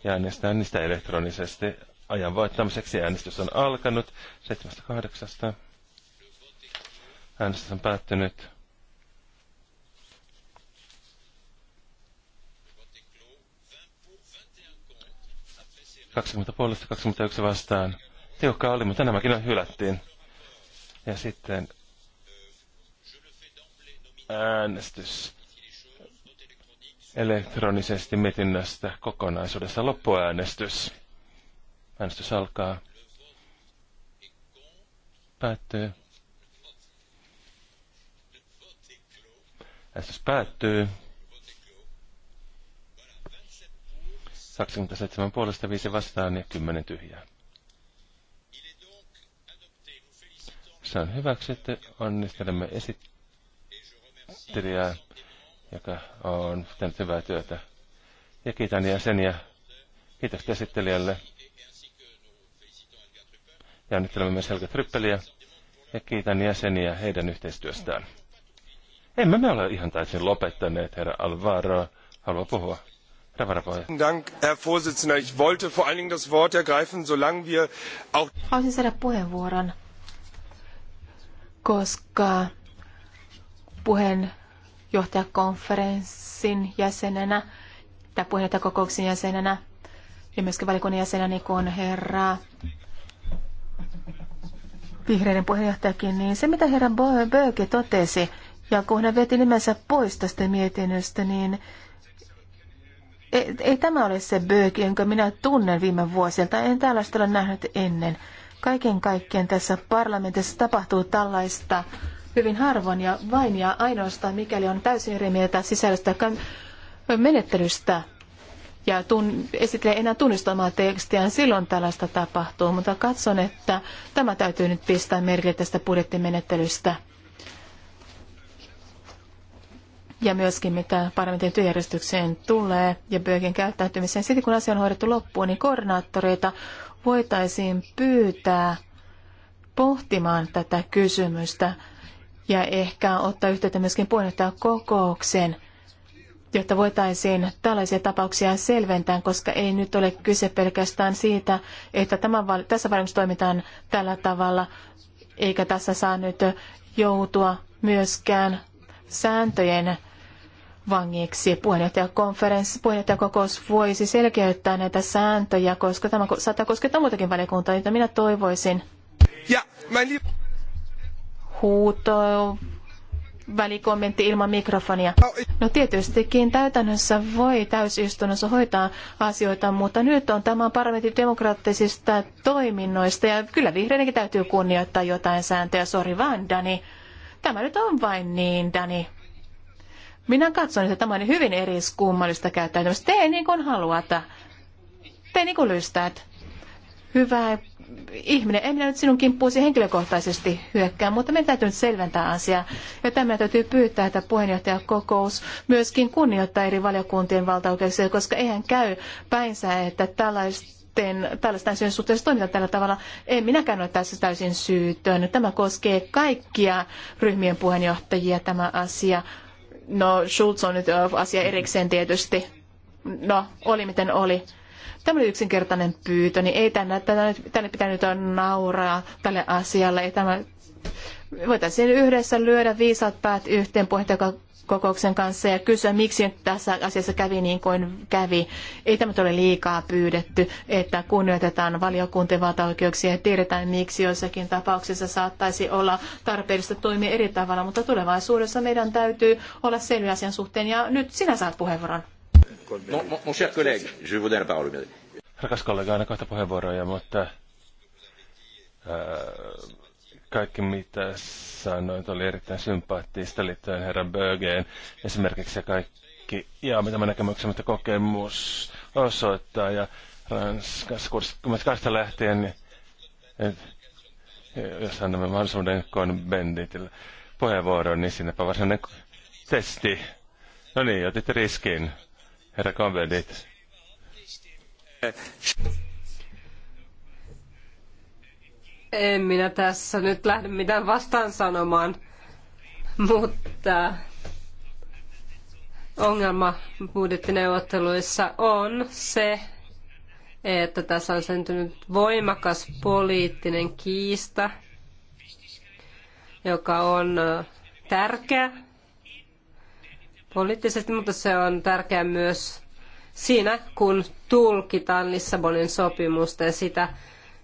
Ja äänestään niistä elektronisesti ajan voittamiseksi. Äänestys on alkanut 7.8. Äänestys on päättynyt. Kaksikymmentä puolesta, 21 vastaan. Tiukkaa oli, mutta nämäkin hylättiin. Ja sitten äänestys elektronisesti mietinnästä kokonaisuudessa loppuäänestys. Äänestys alkaa. Päättyy. Äänestys päättyy. 27 puolesta 5 vastaan ja 10 tyhjää. Se on hyväksytty. Onnistelemme esittelijää, joka on tehnyt hyvää työtä. Ja kiitän jäseniä. Kiitos esittelijälle ja onnittelemme myös Helga Trippeliä ja kiitän jäseniä heidän yhteistyöstään. Emme me ole ihan täysin lopettaneet, herra Alvaro. Haluaa puhua. Dank, Herr Vorsitzender. Ich wollte vor allen Dingen das Wort ergreifen, solange wir auch... Haluaisin saada puheenvuoron, koska puheenjohtajakonferenssin jäsenenä tai puheenjohtajakokouksen jäsenenä ja myöskin valikunnan jäsenenä, niin kuin herra vihreiden puheenjohtajakin, niin se mitä herra Böke totesi, ja kun hän veti nimensä pois tästä mietinnöstä, niin ei, ei tämä ole se Böke, jonka minä tunnen viime vuosilta. En tällaista ole nähnyt ennen. Kaiken kaikkiaan tässä parlamentissa tapahtuu tällaista hyvin harvoin ja vain ja ainoastaan, mikäli on täysin eri mieltä sisällöstä menettelystä ja tun, esittelee enää tunnistamaa tekstiään, silloin tällaista tapahtuu, mutta katson, että tämä täytyy nyt pistää merkille tästä budjettimenettelystä. Ja myöskin mitä parlamentin työjärjestykseen tulee ja Bögen käyttäytymiseen. Sitten kun asia on hoidettu loppuun, niin koordinaattoreita voitaisiin pyytää pohtimaan tätä kysymystä ja ehkä ottaa yhteyttä myöskin puheenjohtajakokoukseen kokoukseen jotta voitaisiin tällaisia tapauksia selventää, koska ei nyt ole kyse pelkästään siitä, että tämän, tässä valmennus toimitaan tällä tavalla, eikä tässä saa nyt joutua myöskään sääntöjen vangiksi. Puheenjohtajakonferenssi, puheenjohtajakokous voisi selkeyttää näitä sääntöjä, koska tämä saattaa koskettaa muutakin valiokuntaa, joita minä toivoisin. Ja, mä... Huuto, välikommentti ilman mikrofonia. No tietystikin täytännössä voi täysistunnossa hoitaa asioita, mutta nyt on tämä parlamentin demokraattisista toiminnoista ja kyllä vihreidenkin täytyy kunnioittaa jotain sääntöjä. Sori vaan, Dani. Tämä nyt on vain niin, Dani. Minä katson, että tämä on hyvin eriskummallista käyttäytymistä. Tee niin kuin haluat. Tee niin kuin lystäät. Hyvää ihminen, en minä nyt sinun kimppuusi henkilökohtaisesti hyökkää, mutta meidän täytyy nyt selventää asiaa. Ja tämä täytyy pyytää, että puheenjohtajakokous myöskin kunnioittaa eri valiokuntien valtaoikeuksia, koska eihän käy päinsä, että tällaista tällaisten asioiden suhteessa toimita tällä tavalla. En minäkään ole tässä täysin syytön. Tämä koskee kaikkia ryhmien puheenjohtajia tämä asia. No, Schulz on nyt asia erikseen tietysti. No, oli miten oli. Tämä oli yksinkertainen pyytö, niin ei tänne, tänne, tänne pitänyt nauraa tälle asialle. Ei tämä, voitaisiin yhdessä lyödä viisaat päät yhteen kokouksen kanssa ja kysyä, miksi tässä asiassa kävi niin kuin kävi. Ei tämä ole liikaa pyydetty, että kunnioitetaan valiokuntien valtaoikeuksia ja tiedetään, miksi joissakin tapauksissa saattaisi olla tarpeellista toimia eri tavalla, mutta tulevaisuudessa meidän täytyy olla selviä asian suhteen ja nyt sinä saat puheenvuoron. Mon, mon, cher siis collègue, siis je vous donne la parole. Rakas kollega, aina kohta puheenvuoroja, mutta äh, kaikki mitä sanoit oli erittäin sympaattista liittyen herran Bögeen esimerkiksi ja kaikki ja mitä mä näkemyksen, mutta kokemus osoittaa ja Ranskassa 62 lähtien, niin, et, jos annamme mahdollisuuden Benditille puheenvuoron, niin sinnepä varsinainen testi. No niin, otitte riskin. Herra En minä tässä nyt lähde mitään vastaan sanomaan, mutta ongelma budjettineuvotteluissa on se, että tässä on syntynyt voimakas poliittinen kiista, joka on tärkeä poliittisesti, mutta se on tärkeää myös siinä, kun tulkitaan Lissabonin sopimusta ja sitä,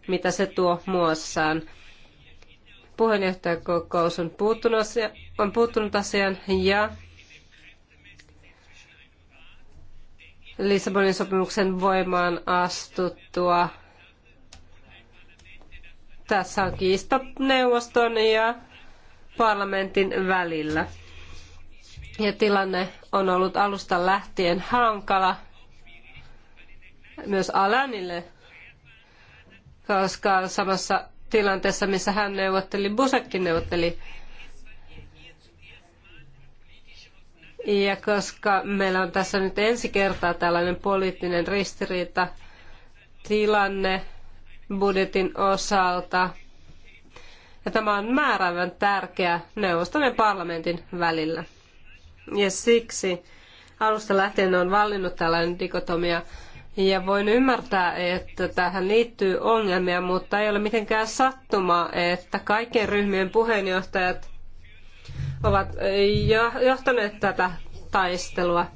mitä se tuo muassaan. Puheenjohtajakokous on puuttunut, asia, on puuttunut asiaan ja Lissabonin sopimuksen voimaan astuttua. Tässä on kiista neuvoston ja parlamentin välillä. Ja tilanne on ollut alusta lähtien hankala myös Alanille, koska samassa tilanteessa, missä hän neuvotteli, Busekkin neuvotteli. Ja koska meillä on tässä nyt ensi kertaa tällainen poliittinen ristiriita tilanne budjetin osalta, ja tämä on määräävän tärkeä neuvoston ja parlamentin välillä. Ja siksi alusta lähtien on vallinnut tällainen dikotomia. Ja voin ymmärtää, että tähän liittyy ongelmia, mutta ei ole mitenkään sattuma, että kaikkien ryhmien puheenjohtajat ovat eh, johtaneet tätä taistelua.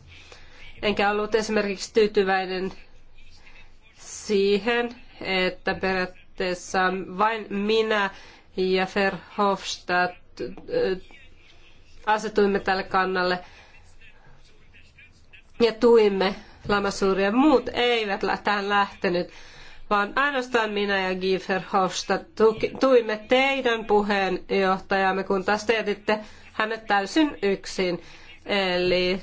Enkä ollut esimerkiksi tyytyväinen siihen, että periaatteessa vain minä ja Verhofstadt eh, asetuimme tälle kannalle ja tuimme Lamassuuria. Muut eivät tähän lähtenyt, vaan ainoastaan minä ja Giefer Hofstadt tuimme teidän puheenjohtajamme, kun taas te jätitte hänet täysin yksin. Eli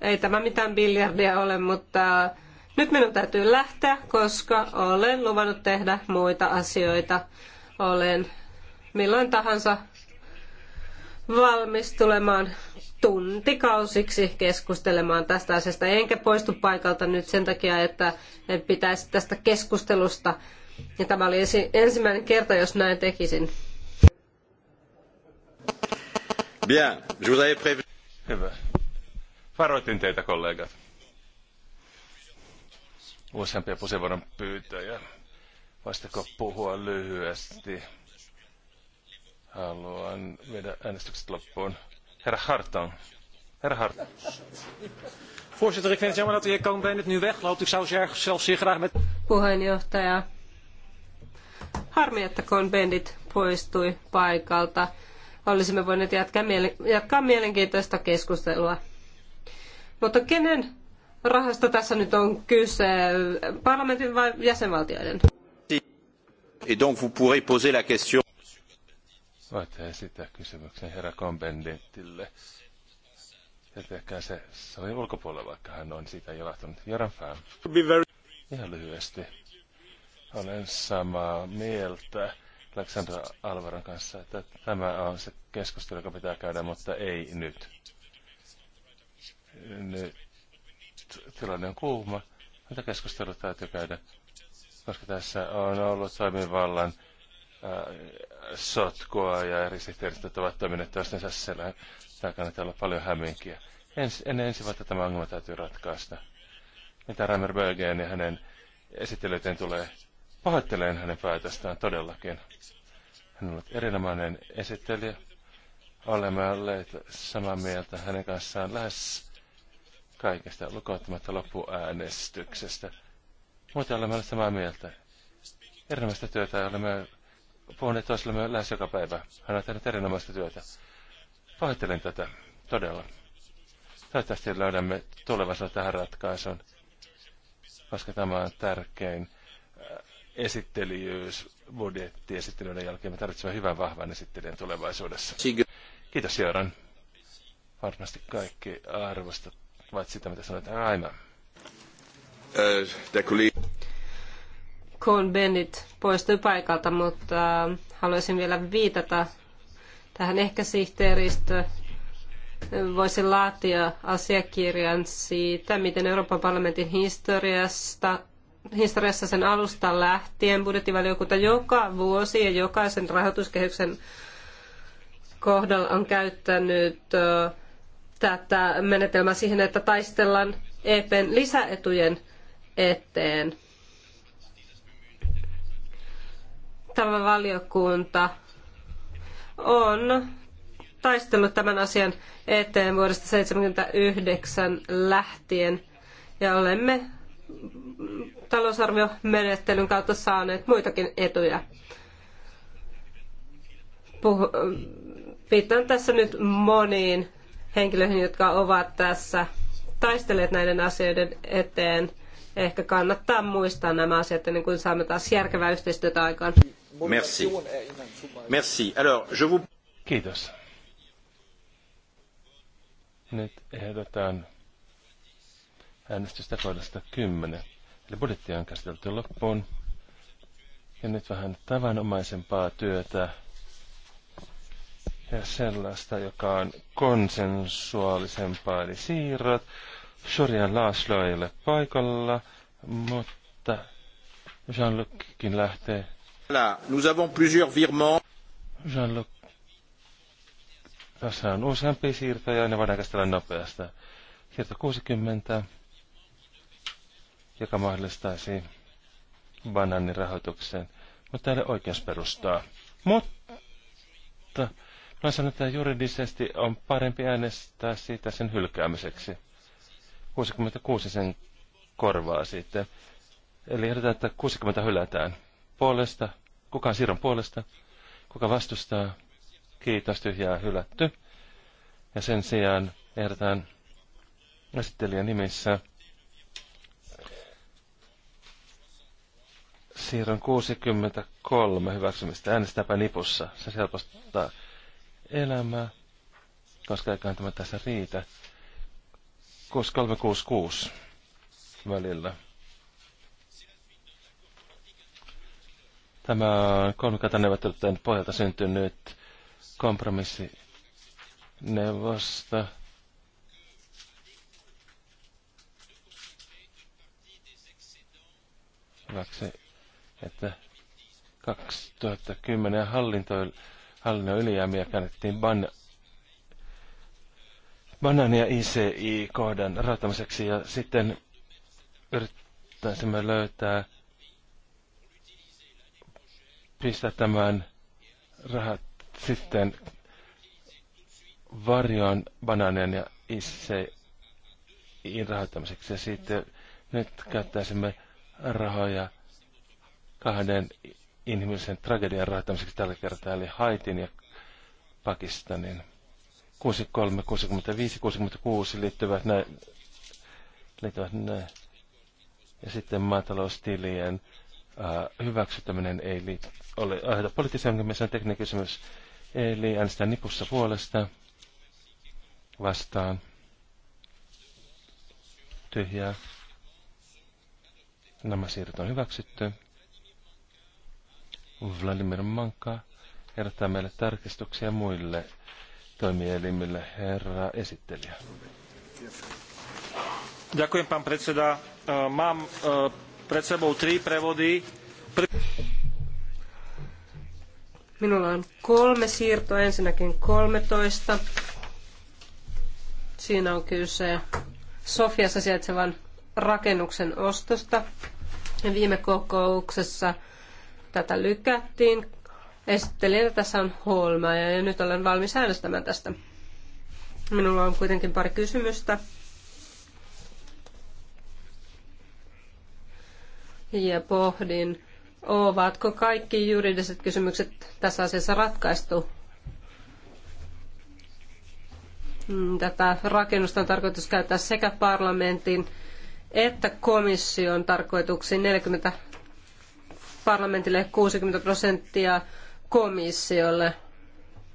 ei tämä mitään biljardia ole, mutta nyt minun täytyy lähteä, koska olen luvannut tehdä muita asioita. Olen milloin tahansa valmis tulemaan tuntikausiksi keskustelemaan tästä asiasta. Enkä poistu paikalta nyt sen takia, että en pitäisi tästä keskustelusta. Ja tämä oli ensimmäinen kerta, jos näin tekisin. Bien, je vous avais prévu. Hyvä. Varoitin teitä kollegat. Useampia puheenvuoron pyytäjä. Vastako puhua lyhyesti? Haluan viedä äänestykset loppuun. Herra Hartong. Herra Hartong. Voorzitter, ik vind het jammer dat de heer cohn het nu wegloopt. Ik zou zelfs zeer graag met... Puheenjohtaja. Harmi, että Cohn-Bendit poistui paikalta. Olisimme voineet jatkaa, mielen- jatkaa mielenkiintoista keskustelua. Mutta kenen rahasta tässä nyt on kyse? Parlamentin vai jäsenvaltioiden? Et donc vous pourrez poser la question. Voitte esittää kysymyksen herra kompendentille. Ja se salin ulkopuolella, vaikka hän on siitä jolahtunut. Joran Fan. Ihan lyhyesti. Olen samaa mieltä Alexandra Alvaran kanssa, että tämä on se keskustelu, joka pitää käydä, mutta ei nyt. Nyt tilanne on kuuma. Mitä keskustelua täytyy käydä? Koska tässä on ollut toimivallan äh, sotkua ja eri sihteeristöt ovat toimineet toistensa selän tämä kannattaa on paljon hämminkiä. Ens, ennen ensi vuotta tämä ongelma täytyy ratkaista. Mitä Raimer Bögen ja hänen esittelyteen tulee, pahoittelen hänen päätöstään todellakin. Hän on ollut erinomainen esittelijä. Olemme olleet samaa mieltä hänen kanssaan lähes kaikesta lukouttamatta loppuäänestyksestä. Muuten olemme olleet samaa mieltä. Erinomaista työtä olemme puhuneet toisillemme lähes joka päivä. Hän on tehnyt erinomaista työtä. Pahoittelen tätä, todella. Toivottavasti löydämme tulevansa tähän ratkaisun, koska tämä on tärkein äh, esittelijyys budjetti esittelyiden jälkeen. Me tarvitsemme hyvän vahvan esittelijän tulevaisuudessa. Kiitos Jöran. Varmasti kaikki arvostavat sitä, mitä sanoit aina. Uh, äh, Cohn Bennett poistui paikalta, mutta äh, haluaisin vielä viitata tähän ehkä sihteeristö äh, voisi laatia asiakirjan siitä, miten Euroopan parlamentin historiasta historiassa sen alusta lähtien budjettivaliokunta joka vuosi ja jokaisen rahoituskehyksen kohdalla on käyttänyt äh, tätä menetelmää siihen, että taistellaan EPn lisäetujen eteen. tämä valiokunta on taistellut tämän asian eteen vuodesta 1979 lähtien ja olemme talousarviomenettelyn kautta saaneet muitakin etuja. Puhu, viittaan tässä nyt moniin henkilöihin, jotka ovat tässä taistelleet näiden asioiden eteen. Ehkä kannattaa muistaa nämä asiat ennen kuin saamme taas järkevää yhteistyötä aikaan. Merci. Eh, Merci. Alors, je vous... Kiitos. Nyt ehdotetaan äänestystä kohdasta 10. Eli budjettia on käsitelty loppuun. Ja nyt vähän tavanomaisempaa työtä ja sellaista, joka on konsensuaalisempaa, eli siirrot. Shorian Laslo ei ole paikalla, mutta Jean-Luckin lähtee Là, nous avons plusieurs virements. tässä on useampi siirtoja ja ne voidaan käsitellä nopeasti. Siirto 60, joka mahdollistaisi banaanin rahoitukseen, mutta ei oikeus perustaa. Mutta mä sanon, että juridisesti on parempi äänestää siitä sen hylkäämiseksi. 66 sen korvaa sitten. Eli ehdotetaan, että 60 hylätään. Puolesta Kuka on siirron puolesta? Kuka vastustaa? Kiitos, tyhjää hylätty. Ja sen sijaan ehdotan esittelijän nimissä siirron 63 hyväksymistä. Äänestääpä nipussa. Se helpostaa elämää, koska eiköhän tämä tässä riitä. 6366 välillä. Tämä on kolmikantaneuvottelujen pohjalta syntynyt kompromissineuvosto. Hyväksi, että 2010 hallinto, hallinnon ylijäämiä käännettiin ban, ja ICI-kohdan rahoittamiseksi ja sitten yrittäisimme löytää Pistä tämän rahat sitten varjoon banaanien ja ICIin rahoittamiseksi. Ja sitten nyt käyttäisimme rahoja kahden inhimillisen tragedian rahoittamiseksi tällä kertaa, eli Haitin ja Pakistanin. 63, 65, 66 liittyvät näin. Liittyvät näin. Ja sitten maataloustilien Äh, hyväksyttäminen ei liity, ole aiheuta äh, poliittisen ongelmisen tekninen kysymys. Eli äänestää nipussa puolesta vastaan. Tyhjää. Nämä siirrot on hyväksytty. Vladimir Manka herättää meille tarkistuksia muille toimielimille. Herra esittelijä. Dziękuję pan predseda. Äh, mám pred sebou tri prevody. Minulla on kolme siirtoa, ensinnäkin 13. Siinä on kyse Sofiassa sijaitsevan rakennuksen ostosta. Viime kokouksessa tätä lykättiin. Esittelijänä tässä on Holma ja nyt olen valmis äänestämään tästä. Minulla on kuitenkin pari kysymystä ja pohdin, ovatko kaikki juridiset kysymykset tässä asiassa ratkaistu. Mm, tätä rakennusta on tarkoitus käyttää sekä parlamentin että komission tarkoituksiin 40 parlamentille ja 60 prosenttia komissiolle.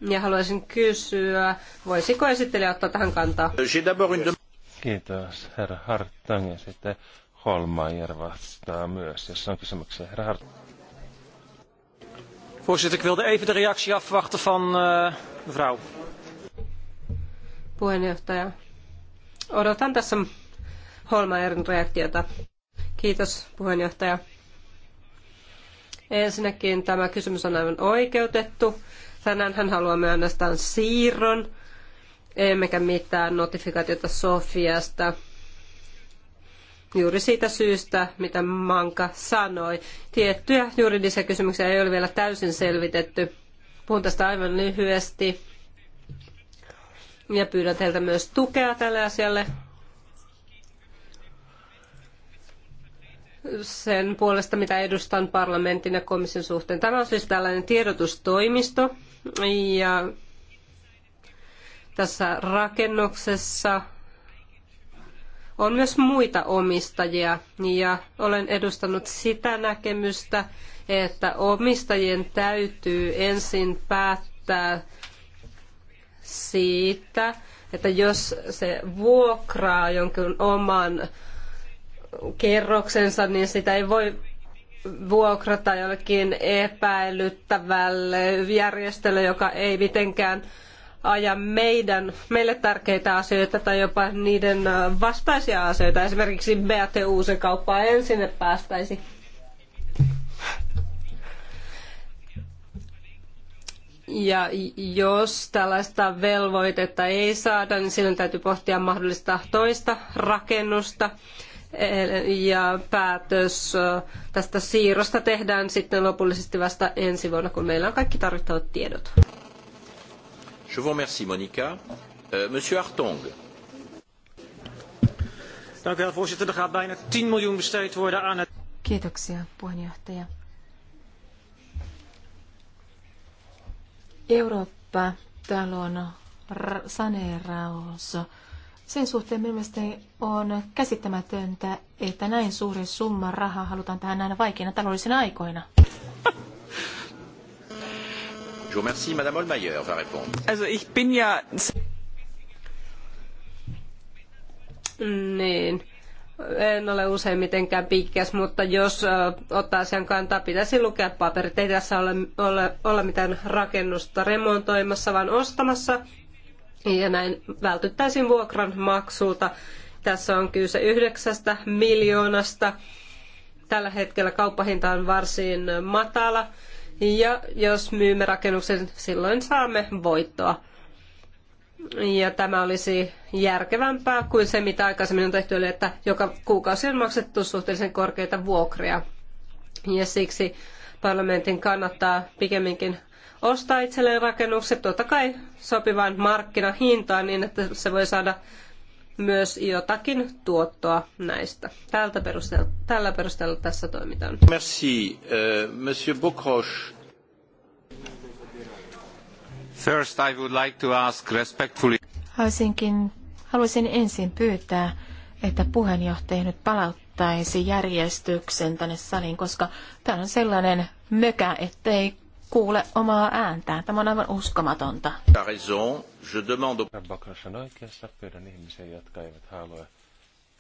Ja haluaisin kysyä, voisiko esittelijä ottaa tähän kantaa? Kiitos, herra Hartang. Ja sitten Holmaier vastaa myös, jos on kysymyksiä. Herra Hart. Voorzitter, ik wilde even de reactie afwachten van uh, mevrouw. Puheenjohtaja, odotan tässä Holmaerin reaktiota. Kiitos puheenjohtaja. Ensinnäkin tämä kysymys on aivan oikeutettu. Tänään hän haluaa ainoastaan siirron, emmekä mitään notifikaatiota Sofiasta juuri siitä syystä, mitä Manka sanoi. Tiettyjä juridisia kysymyksiä ei ole vielä täysin selvitetty. Puhun tästä aivan lyhyesti ja pyydän teiltä myös tukea tälle asialle. sen puolesta, mitä edustan parlamentin ja komission suhteen. Tämä on siis tällainen tiedotustoimisto ja tässä rakennuksessa on myös muita omistajia ja olen edustanut sitä näkemystä, että omistajien täytyy ensin päättää siitä, että jos se vuokraa jonkun oman kerroksensa, niin sitä ei voi vuokrata jollekin epäilyttävälle järjestölle, joka ei mitenkään aja meidän, meille tärkeitä asioita tai jopa niiden vastaisia asioita. Esimerkiksi btu kauppaa ensin päästäisi. Ja jos tällaista velvoitetta ei saada, niin silloin täytyy pohtia mahdollista toista rakennusta. Ja päätös tästä siirrosta tehdään sitten lopullisesti vasta ensi vuonna, kun meillä on kaikki tarvittavat tiedot. Je vous remercie, Monica. Euh, Monsieur Hartong. Dank u wel, voorzitter. Er gaat bijna 10 miljoen besteed worden aan het... Kiitoksia, puheenjohtaja. Eurooppa-talon saneeraus. Sen suhteen mielestäni on käsittämätöntä, että näin suuri summa rahaa halutaan tähän näinä vaikeina taloudellisina aikoina. jour. Merci. Madame va répondre. Also ich bin ja... Niin. En ole usein mitenkään pikkäs, mutta jos ottaa asian kantaa, pitäisi lukea paperit. Ei tässä ole, ole, ole mitään rakennusta remontoimassa, vaan ostamassa. Ja näin vältyttäisiin vuokran maksulta. Tässä on kyse yhdeksästä miljoonasta. Tällä hetkellä kauppahinta on varsin matala ja jos myymme rakennuksen, silloin saamme voittoa. Ja tämä olisi järkevämpää kuin se, mitä aikaisemmin on tehty, eli että joka kuukausi on maksettu suhteellisen korkeita vuokria. Ja siksi parlamentin kannattaa pikemminkin ostaa itselleen rakennukset, totta kai sopivaan markkinahintaan niin, että se voi saada myös jotakin tuottoa näistä. Tältä perusteella, tällä perusteella tässä toimitaan. Merci, uh, Monsieur First I would like to ask respectfully. Haluaisinkin, haluaisin ensin pyytää, että puheenjohtaja nyt palauttaisi järjestyksen tänne saliin, koska tämä on sellainen mökä, ettei kuule omaa ääntään. Tämä on aivan uskomatonta. Bakrashan on oikeassa. Pyydän ihmisiä, jotka eivät halua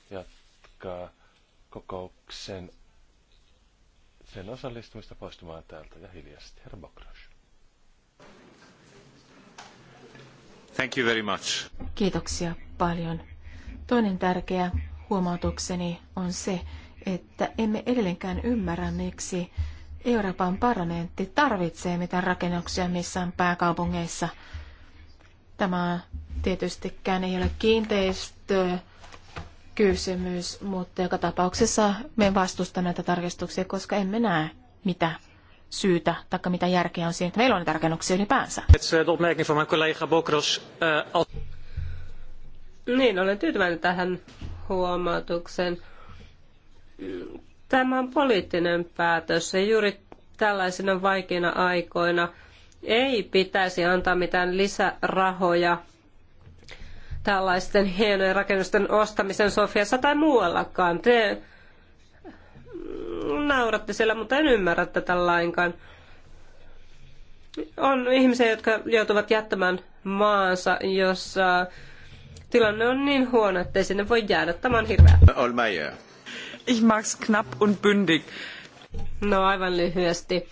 jatkaa kokouksen sen osallistumista poistumaan täältä ja hiljaisesti. Herra Bakrash. Thank you very much. Kiitoksia paljon. Toinen tärkeä huomautukseni on se, että emme edelleenkään ymmärrä, miksi Euroopan parlamentti tarvitsee mitään rakennuksia missään pääkaupungeissa. Tämä tietystikään ei ole kiinteistö kysymys, mutta joka tapauksessa me vastustamme näitä tarkistuksia, koska emme näe mitä syytä tai mitä järkeä on siinä. että meillä on niitä rakennuksia ylipäänsä. Eh, eh, niin, olen tyytyväinen tähän huomautukseen Tämä on poliittinen päätös ja juuri tällaisina vaikeina aikoina ei pitäisi antaa mitään lisärahoja tällaisten hienojen rakennusten ostamisen Sofiassa tai muuallakaan. Te nauratte siellä, mutta en ymmärrä tätä lainkaan. On ihmisiä, jotka joutuvat jättämään maansa, jossa tilanne on niin huono, ettei sinne voi jäädä. Tämä on hirveä. Olmeier. Ich mag's knapp und bündig. No aivan lyhyesti.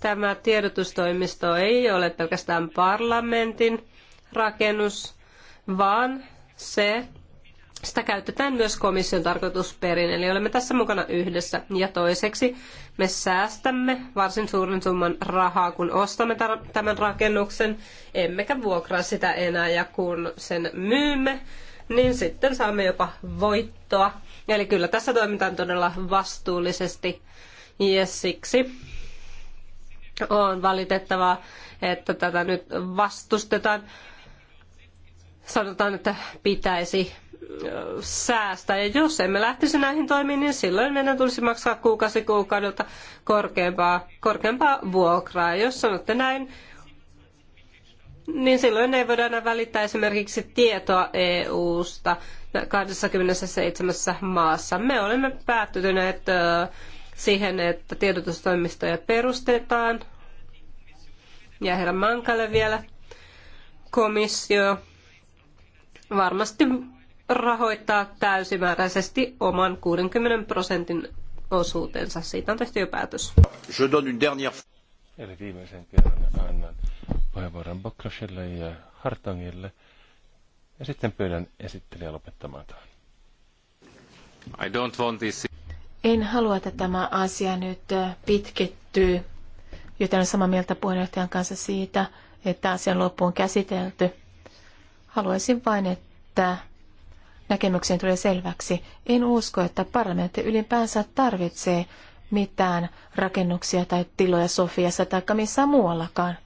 Tämä tiedotustoimisto ei ole pelkästään parlamentin rakennus, vaan se, sitä käytetään myös komission tarkoitusperin, eli olemme tässä mukana yhdessä. Ja toiseksi me säästämme varsin suuren summan rahaa, kun ostamme tämän rakennuksen, emmekä vuokraa sitä enää, ja kun sen myymme, niin sitten saamme jopa voittoa. Eli kyllä tässä toimitaan todella vastuullisesti ja siksi on valitettavaa, että tätä nyt vastustetaan. Sanotaan, että pitäisi säästää. Ja jos emme lähtisi näihin toimiin, niin silloin meidän tulisi maksaa kuukausi kuukaudelta korkeampaa, korkeampaa vuokraa. Ja jos sanotte näin, niin silloin ei voida enää välittää esimerkiksi tietoa EU-sta 27 maassa. Me olemme päättyneet siihen, että tiedotustoimistoja perustetaan. Ja herra Mankalle vielä komissio varmasti rahoittaa täysimääräisesti oman 60 prosentin osuutensa. Siitä on tehty jo päätös. Je donne une dernière... Eli viimeisen kerran annan puheenvuoron Bokkoselle ja Hartongille. Ja sitten pyydän esittelijä lopettamaan tämän. I don't want this... En halua, että tämä asia nyt pitkittyy, joten olen samaa mieltä puheenjohtajan kanssa siitä, että asian loppuun käsitelty. Haluaisin vain, että näkemykseni tulee selväksi. En usko, että parlamentti ylipäänsä tarvitsee mitään rakennuksia tai tiloja Sofiassa tai missään muuallakaan.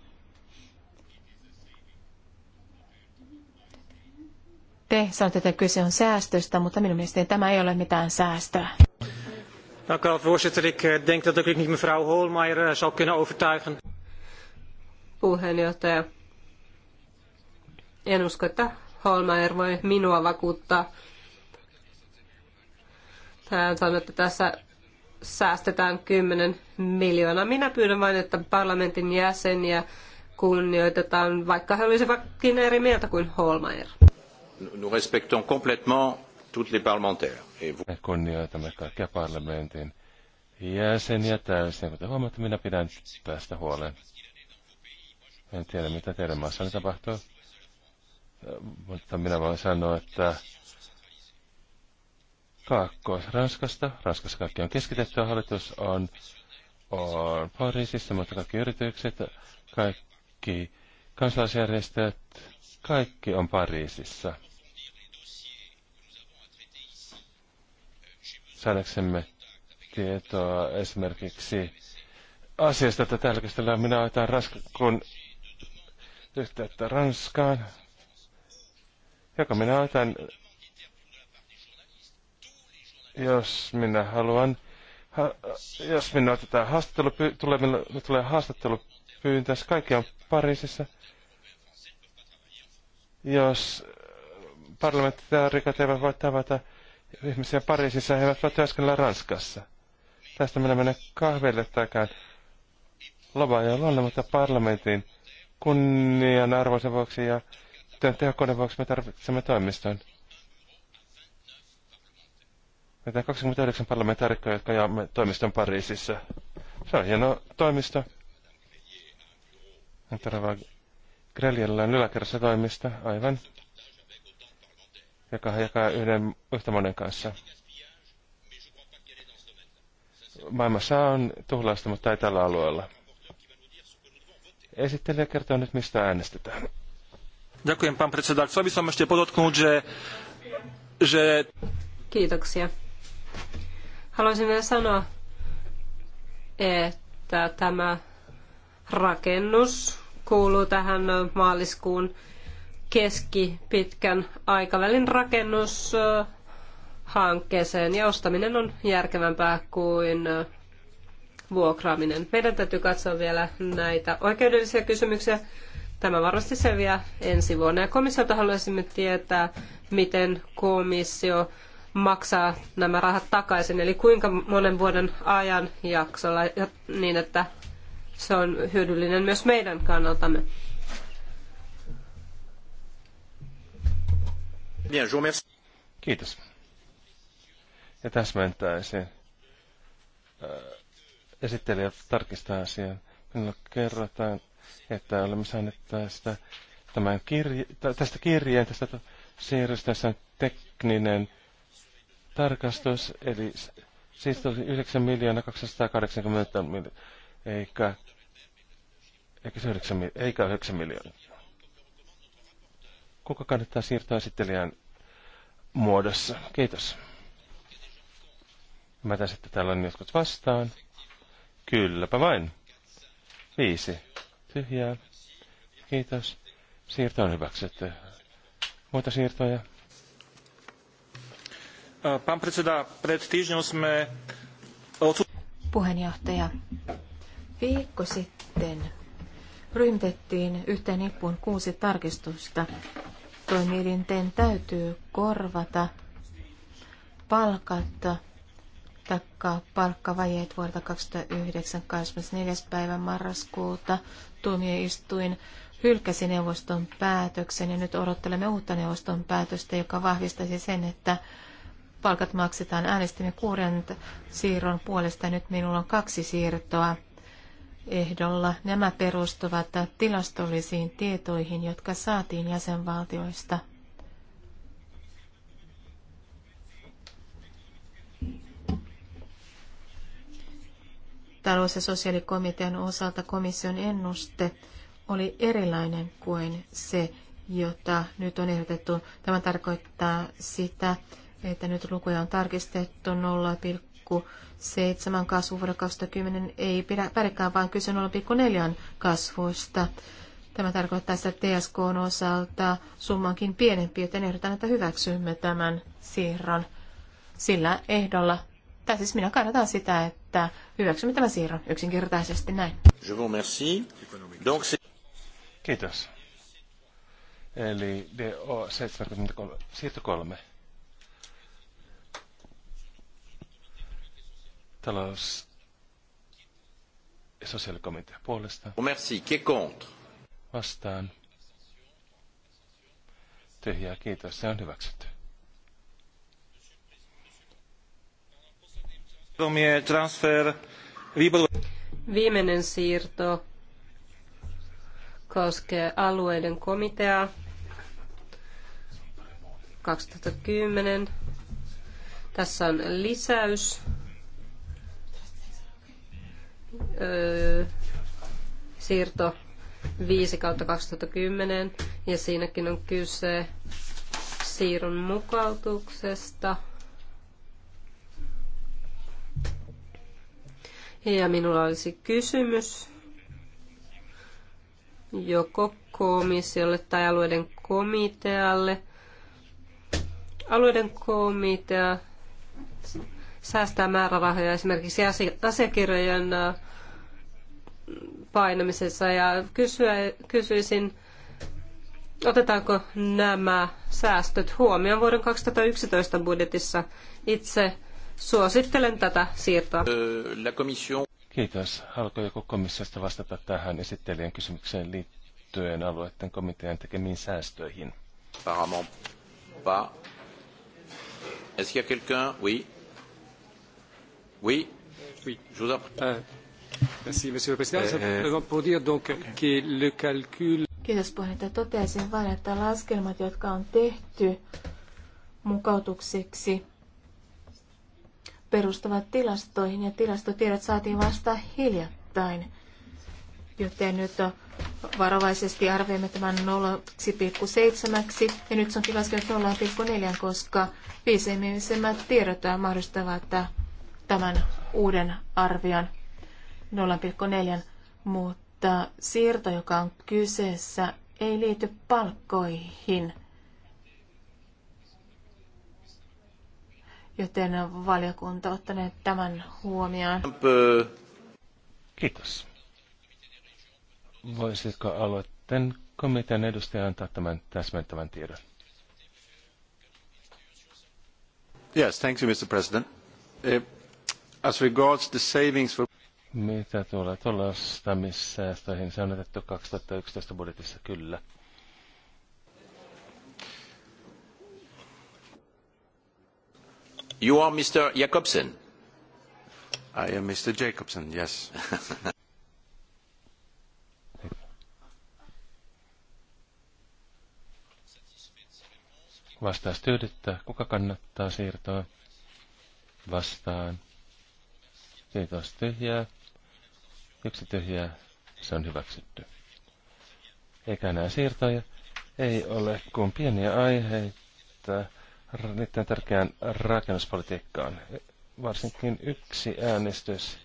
Te sanotte, että kyse on säästöstä, mutta minun mielestäni tämä ei ole mitään säästöä. Dank u wel, voorzitter. Ik eh, denk dat ik niet mevrouw Holmeijer eh, zal kunnen overtuigen. Puheenjohtaja. En usko, että Holmeier voi minua vakuuttaa. Hän sanoi, että tässä säästetään 10 miljoonaa. Minä pyydän vain, että parlamentin jäseniä kunnioitetaan, vaikka he olisivatkin eri mieltä kuin Holmeier nous respectons complètement toutes les parlementaires. Et vous... Me kunnioitamme kaikkia parlamentin jäseniä täysin, kuten huomaatte, minä pidän tästä huolen. En tiedä, mitä teidän maassanne tapahtuu, mutta minä voin sanoa, että Kaakkois-Ranskasta, Ranskassa kaikki on keskitetty, hallitus on, on Pariisissa, mutta kaikki yritykset, kaikki kansalaisjärjestöt, kaikki on Pariisissa. saadaksemme tietoa esimerkiksi asiasta, että tällä käsitellään. Minä otan raskakun yhteyttä Ranskaan, joka minä otan, jos minä haluan, ha, jos minä otetaan haastattelu, tulee, minä, tulee pyyntäisi kaikki on Pariisissa. Jos parlamentaarikat eivät voi tavata, ihmisiä Pariisissa, he eivät voi työskennellä Ranskassa. Tästä minä menen kahville takään lomaan ja luonne, mutta parlamentin arvoisen vuoksi ja työn tehokkuuden vuoksi me tarvitsemme toimiston. Meitä on 29 parlamentaarikkoa, jotka jaamme toimiston Pariisissa. Se on hieno toimisto. Antarava Greliellä on yläkerrassa toimista, aivan joka jakaa yhden, yhtä monen kanssa. Maailmassa on tuhlausta, mutta ei tällä alueella. Esittelijä kertoo nyt, mistä äänestetään. Ďakujem, pán predseda. Chcel by som Kiitoksia. Haluaisin vielä sanoa, että tämä rakennus kuuluu tähän maaliskuun keskipitkän aikavälin rakennushankkeeseen ja ostaminen on järkevämpää kuin vuokraaminen. Meidän täytyy katsoa vielä näitä oikeudellisia kysymyksiä. Tämä varmasti selviää ensi vuonna. Ja komissiota haluaisimme tietää, miten komissio maksaa nämä rahat takaisin, eli kuinka monen vuoden ajan jaksolla, niin että se on hyödyllinen myös meidän kannaltamme. Bien, je vous Kiitos. Ja sen. Äh, esittelijä tarkistaa asian. Minulle kerrotaan, että olemme saaneet tästä, tämän kirje, tästä kirjeen, tästä siirrystä, tässä on tekninen tarkastus, eli siis tuli 9 miljoonaa 280 miljoonaa, eikä, eikä, se 9, eikä 9 miljoonaa. Kuka kannattaa siirtoa esittelijän muodossa. Kiitos. tässä, että täällä on jotkut vastaan. Kylläpä vain. Viisi. Tyhjää. Kiitos. Siirto on hyväksytty. Muita siirtoja? Äh, Puheenjohtaja, viikko sitten ryhmitettiin yhteen nippuun kuusi tarkistusta, toimielinten täytyy korvata palkatta taikka palkkavajeet vuodelta 2009 24. päivä marraskuuta tuomioistuin hylkäsi neuvoston päätöksen ja nyt odottelemme uutta neuvoston päätöstä, joka vahvistaisi sen, että palkat maksetaan. Äänestimme kuuden siirron puolesta nyt minulla on kaksi siirtoa ehdolla. Nämä perustuvat tilastollisiin tietoihin, jotka saatiin jäsenvaltioista. Talous- ja sosiaalikomitean osalta komission ennuste oli erilainen kuin se, jota nyt on ehdotettu. Tämä tarkoittaa sitä, että nyt lukuja on tarkistettu 0,7 kasvu vuonna 2010 ei pidä pärjäkään, vaan kyse 0,4 kasvusta. Tämä tarkoittaa sitä että TSK on osalta summankin pienempi, joten ehdotan, että hyväksymme tämän siirron sillä ehdolla. Tai siis minä kannatan sitä, että hyväksymme tämän siirron yksinkertaisesti näin. Je vous remercie. Donc Kiitos. Eli DO 73, siirto 3. Talous- ja sosiaalikomitea puolesta. Merci. Qui contre? Vastaan. Tyhjää kiitos. Se on hyväksytty. Viimeinen siirto koskee alueiden komiteaa 2010. Tässä on lisäys siirto 5 kautta 2010 ja siinäkin on kyse siirron mukautuksesta. Ja minulla olisi kysymys joko komissiolle tai alueiden komitealle. Alueiden komitea säästää määrärahoja esimerkiksi asiakirjojen painamisessa ja kysyä, kysyisin, otetaanko nämä säästöt huomioon vuoden 2011 budjetissa. Itse suosittelen tätä siirtoa. Kiitos. Haluatko joku komissiosta vastata tähän esittelijän kysymykseen liittyen alueiden komitean tekemiin säästöihin? Apparemment pas. Est-ce qu'il y a quelqu'un? Oui. Oui. Oui. Je vous en prie. Äh. Merci, Monsieur le Président. Eh, pour dire donc que le calcul... Kiitos puheenjohtaja. Toteaisin vain, että laskelmat, jotka on tehty mukautukseksi, perustuvat tilastoihin ja tilastotiedot saatiin vasta hiljattain. Joten nyt varovaisesti arvioimme tämän 0,7 ja nyt se onkin laskenut 0,4, koska viimeisimmät tiedot mahdollistavat tämän uuden arvion 0,4, mutta siirto, joka on kyseessä, ei liity palkkoihin. Joten valiokunta ottaneet tämän huomioon. Kiitos. Voisitko aloitteen komitean edustaja antaa tämän täsmentävän tiedon? Yes, thank you, Mr. President. Eh, As regards the savings for... Mitä tuolla tulostamissäästöihin se on otettu 2011 budjetissa, kyllä. You are Mr. Jacobsen. I am Mr. Jacobsen, yes. Vastaus tyydyttää. Kuka kannattaa siirtoa? Vastaan. Kiitos tyhjää. Yksi tyhjää. Se on hyväksytty. Eikä enää siirtoja. Ei ole kuin pieniä aiheita niiden tärkeään rakennuspolitiikkaan. Varsinkin yksi äänestys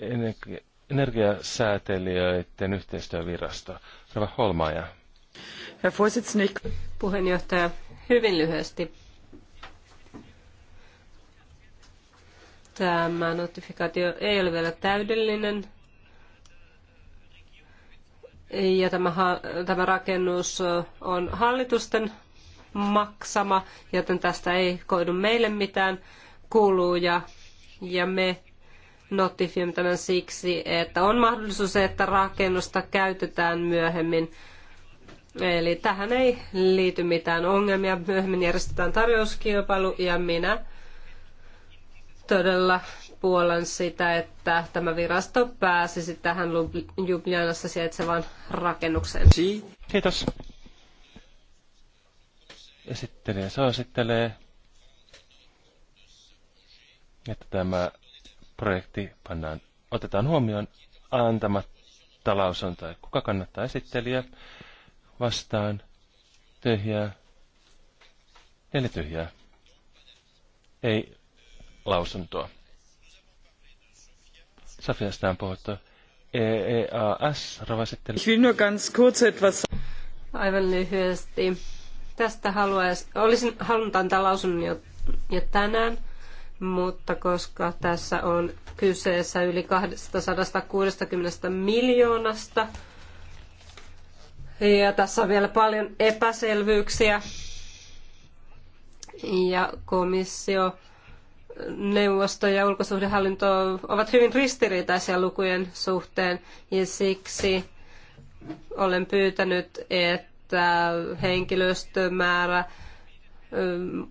energi- energiasäätelijöiden yhteistyövirasta. Rava Holmaja. Herr Puheenjohtaja, hyvin lyhyesti Tämä notifikaatio ei ole vielä täydellinen. Ja tämä, tämä rakennus on hallitusten maksama, joten tästä ei koidu meille mitään kuluja. Ja me notifioimme tämän siksi, että on mahdollisuus, että rakennusta käytetään myöhemmin. Eli tähän ei liity mitään ongelmia. Myöhemmin järjestetään tarjouskilpailu ja minä todella puolan sitä, että tämä virasto pääsisi tähän Ljubljanassa sijaitsevaan rakennukseen. Kiitos. Esittelee suosittelee, että tämä projekti pannaan, otetaan huomioon antamatta lausuntoa. Kuka kannattaa esittelijä? Vastaan. Tyhjää. Neljä tyhjää. Ei lausuntoa. Safia on puhuttu. EEAS, ravasittelu. Aivan lyhyesti. Tästä haluaisin, olisin halunnut antaa lausunnon jo, jo tänään, mutta koska tässä on kyseessä yli 260 miljoonasta, ja tässä on vielä paljon epäselvyyksiä. Ja komissio neuvosto ja ulkosuhdehallinto ovat hyvin ristiriitaisia lukujen suhteen ja siksi olen pyytänyt, että henkilöstömäärä,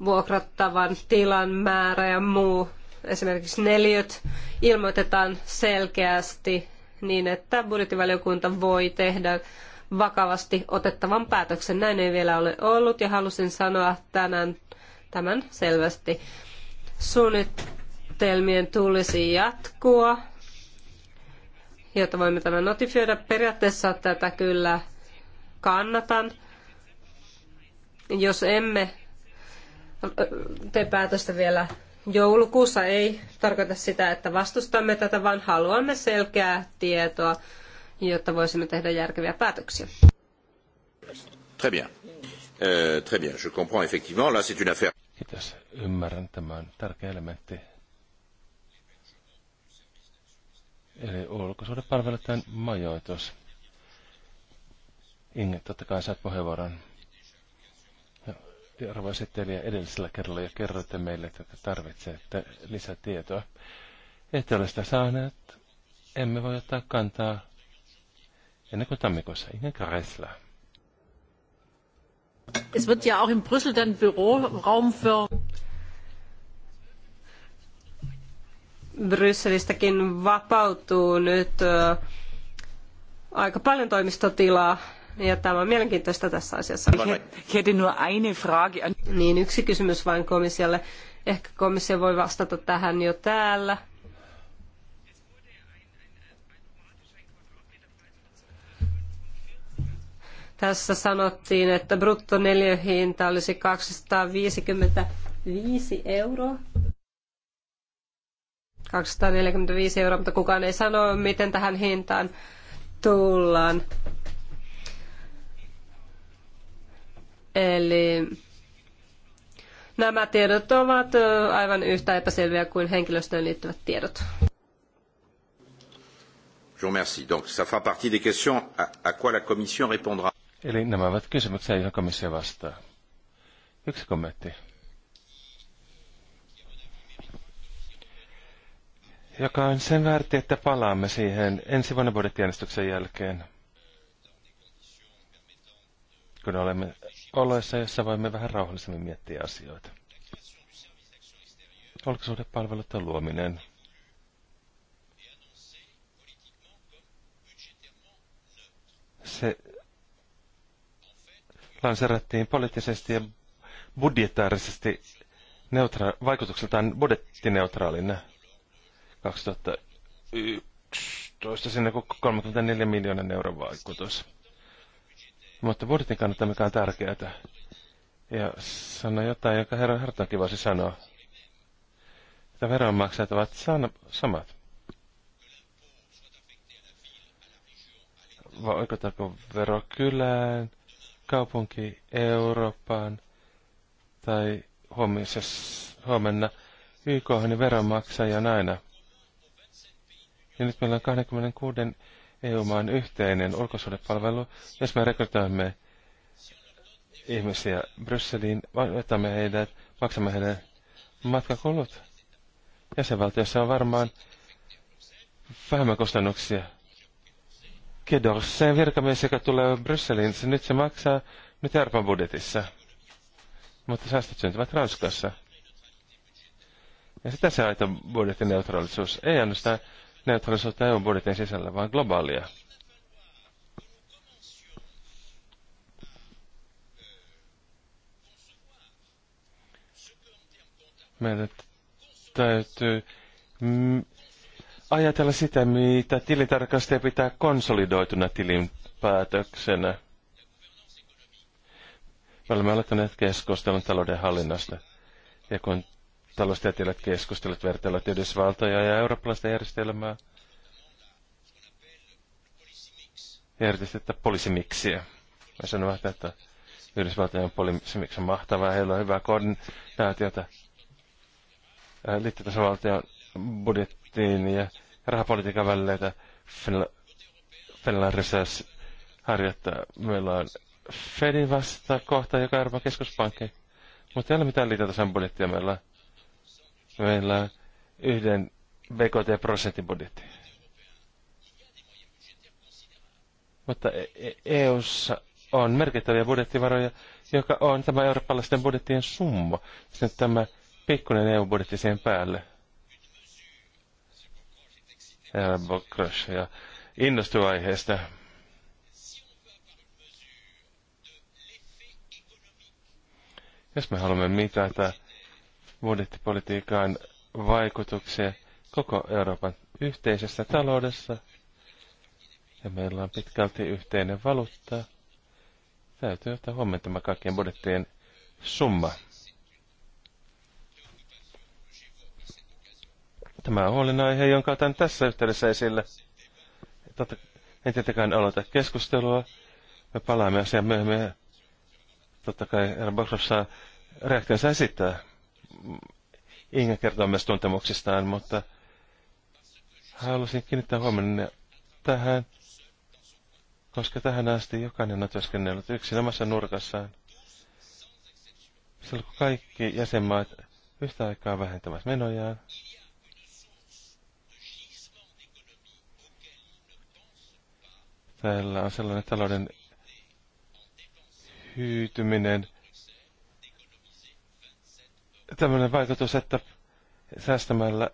vuokrattavan tilan määrä ja muu, esimerkiksi neliöt, ilmoitetaan selkeästi niin, että budjettivaliokunta voi tehdä vakavasti otettavan päätöksen. Näin ei vielä ole ollut ja halusin sanoa tänään tämän selvästi suunnitelmien tulisi jatkua, jotta voimme tämän notifioida. Periaatteessa tätä kyllä kannatan. Jos emme tee päätöstä vielä joulukuussa, ei tarkoita sitä, että vastustamme tätä, vaan haluamme selkeää tietoa, jotta voisimme tehdä järkeviä päätöksiä. Très bien. Euh, très bien, je comprends effectivement. Là, c'est une affaire. Kiitos. Ymmärrän tämän tärkeä elementti. Eli ulkosuhdepalveluiden majoitus. Inge, totta kai saat puheenvuoron. Arvo esittelijä edellisellä kerralla jo kerroitte meille, että tarvitsette lisätietoa. Ette ole sitä saaneet. Emme voi ottaa kantaa ennen kuin tammikuussa. Inge Kresla. Es wird ja auch in Brüssel dann Büroraum für Brysselistäkin vapautuu nyt aika paljon toimistotilaa ja tämä on mielenkiintoista tässä asiassa. Niin, yksi kysymys vain komissiolle. Ehkä komissio voi vastata tähän jo täällä. Tässä sanottiin, että bruttoneliöhinta olisi 255 euroa. 245 euroa, mutta kukaan ei sano, miten tähän hintaan tullaan. Eli nämä tiedot ovat aivan yhtä epäselviä kuin henkilöstöön liittyvät tiedot. Je vous remercie. Donc ça fera partie des questions à, à quoi la Commission répondra. Eli nämä ovat kysymyksiä, joihin komissio vastaa. Yksi kommentti. Joka on sen väärti, että palaamme siihen ensi vuonna budjettiäänestyksen jälkeen. Kun olemme oloissa, jossa voimme vähän rauhallisemmin miettiä asioita. on luominen. Se lanserattiin poliittisesti ja budjettaarisesti neutra- vaikutukseltaan budjettineutraalina 2011, sinne 34 miljoonan euron vaikutus. Mutta budjetin kannalta mikä on tärkeää. Ja sano jotain, jonka herra Hartankin voisi sanoa. Että veronmaksajat ovat san- samat. Vai oikeutaanko vero kylään, kaupunki Eurooppaan tai huomenna YK on niin veronmaksajan aina. Ja nyt meillä on 26 EU-maan yhteinen ulkosuhdepalvelu. Jos me rekrytoimme ihmisiä Brysseliin, otamme heidät, maksamme heidän matkakulut. Jäsenvaltiossa on varmaan vähemmän kustannuksia Kedorsen virkamies, joka tulee Brysseliin, se nyt se maksaa nyt Euroopan budjetissa. Mutta säästöt syntyvät Ranskassa. Ja sitä se aito budjetin neutraalisuus. Ei ainoastaan neutraalisuutta EU budjetin sisällä, vaan globaalia. Meidän täytyy ajatella sitä, mitä tilintarkastaja pitää konsolidoituna tilinpäätöksenä. Me olemme aloittaneet keskustelun talouden hallinnasta. Ja kun taloustieteilijät keskustelut vertailut Yhdysvaltoja ja eurooppalaista järjestelmää, ja erityisesti että poliisimiksiä. Mä sanon vähän, että Yhdysvaltojen poliisimiksi on mahtavaa, heillä on hyvää koordinaatiota liittotasavaltion budjetti budjetin ja rahapolitiikan välillä, jota Federal harjoittaa. Meillä on Fedin vasta kohta, joka on Euroopan keskuspankki. Mutta ei ole mitään liitäntäisen budjettia meillä. Meillä on yhden BKT-prosentin budjetti. Mutta EUssa e-, e on merkittäviä budjettivaroja, joka on tämä eurooppalaisten budjettien summa. Sitten tämä pikkuinen EU-budjetti siihen päälle herra Bokros ja innostui aiheesta. Jos me haluamme mitata budjettipolitiikan vaikutuksia koko Euroopan yhteisessä taloudessa, ja meillä on pitkälti yhteinen valuutta, täytyy ottaa huomioon tämä kaikkien budjettien summa. Tämä on huolenaihe, jonka otan tässä yhteydessä esille. Totta, en tietenkään aloita keskustelua. Me palaamme asiaan myöhemmin. Totta kai Boksov saa reaktionsa esittää. Inga kertoo myös tuntemuksistaan, mutta haluaisin kiinnittää huomioon tähän, koska tähän asti jokainen on työskennellyt yksin omassa nurkassaan. Silloin kun kaikki jäsenmaat yhtä aikaa vähentävät menojaan, täällä on sellainen talouden hyytyminen, tämmöinen vaikutus, että säästämällä,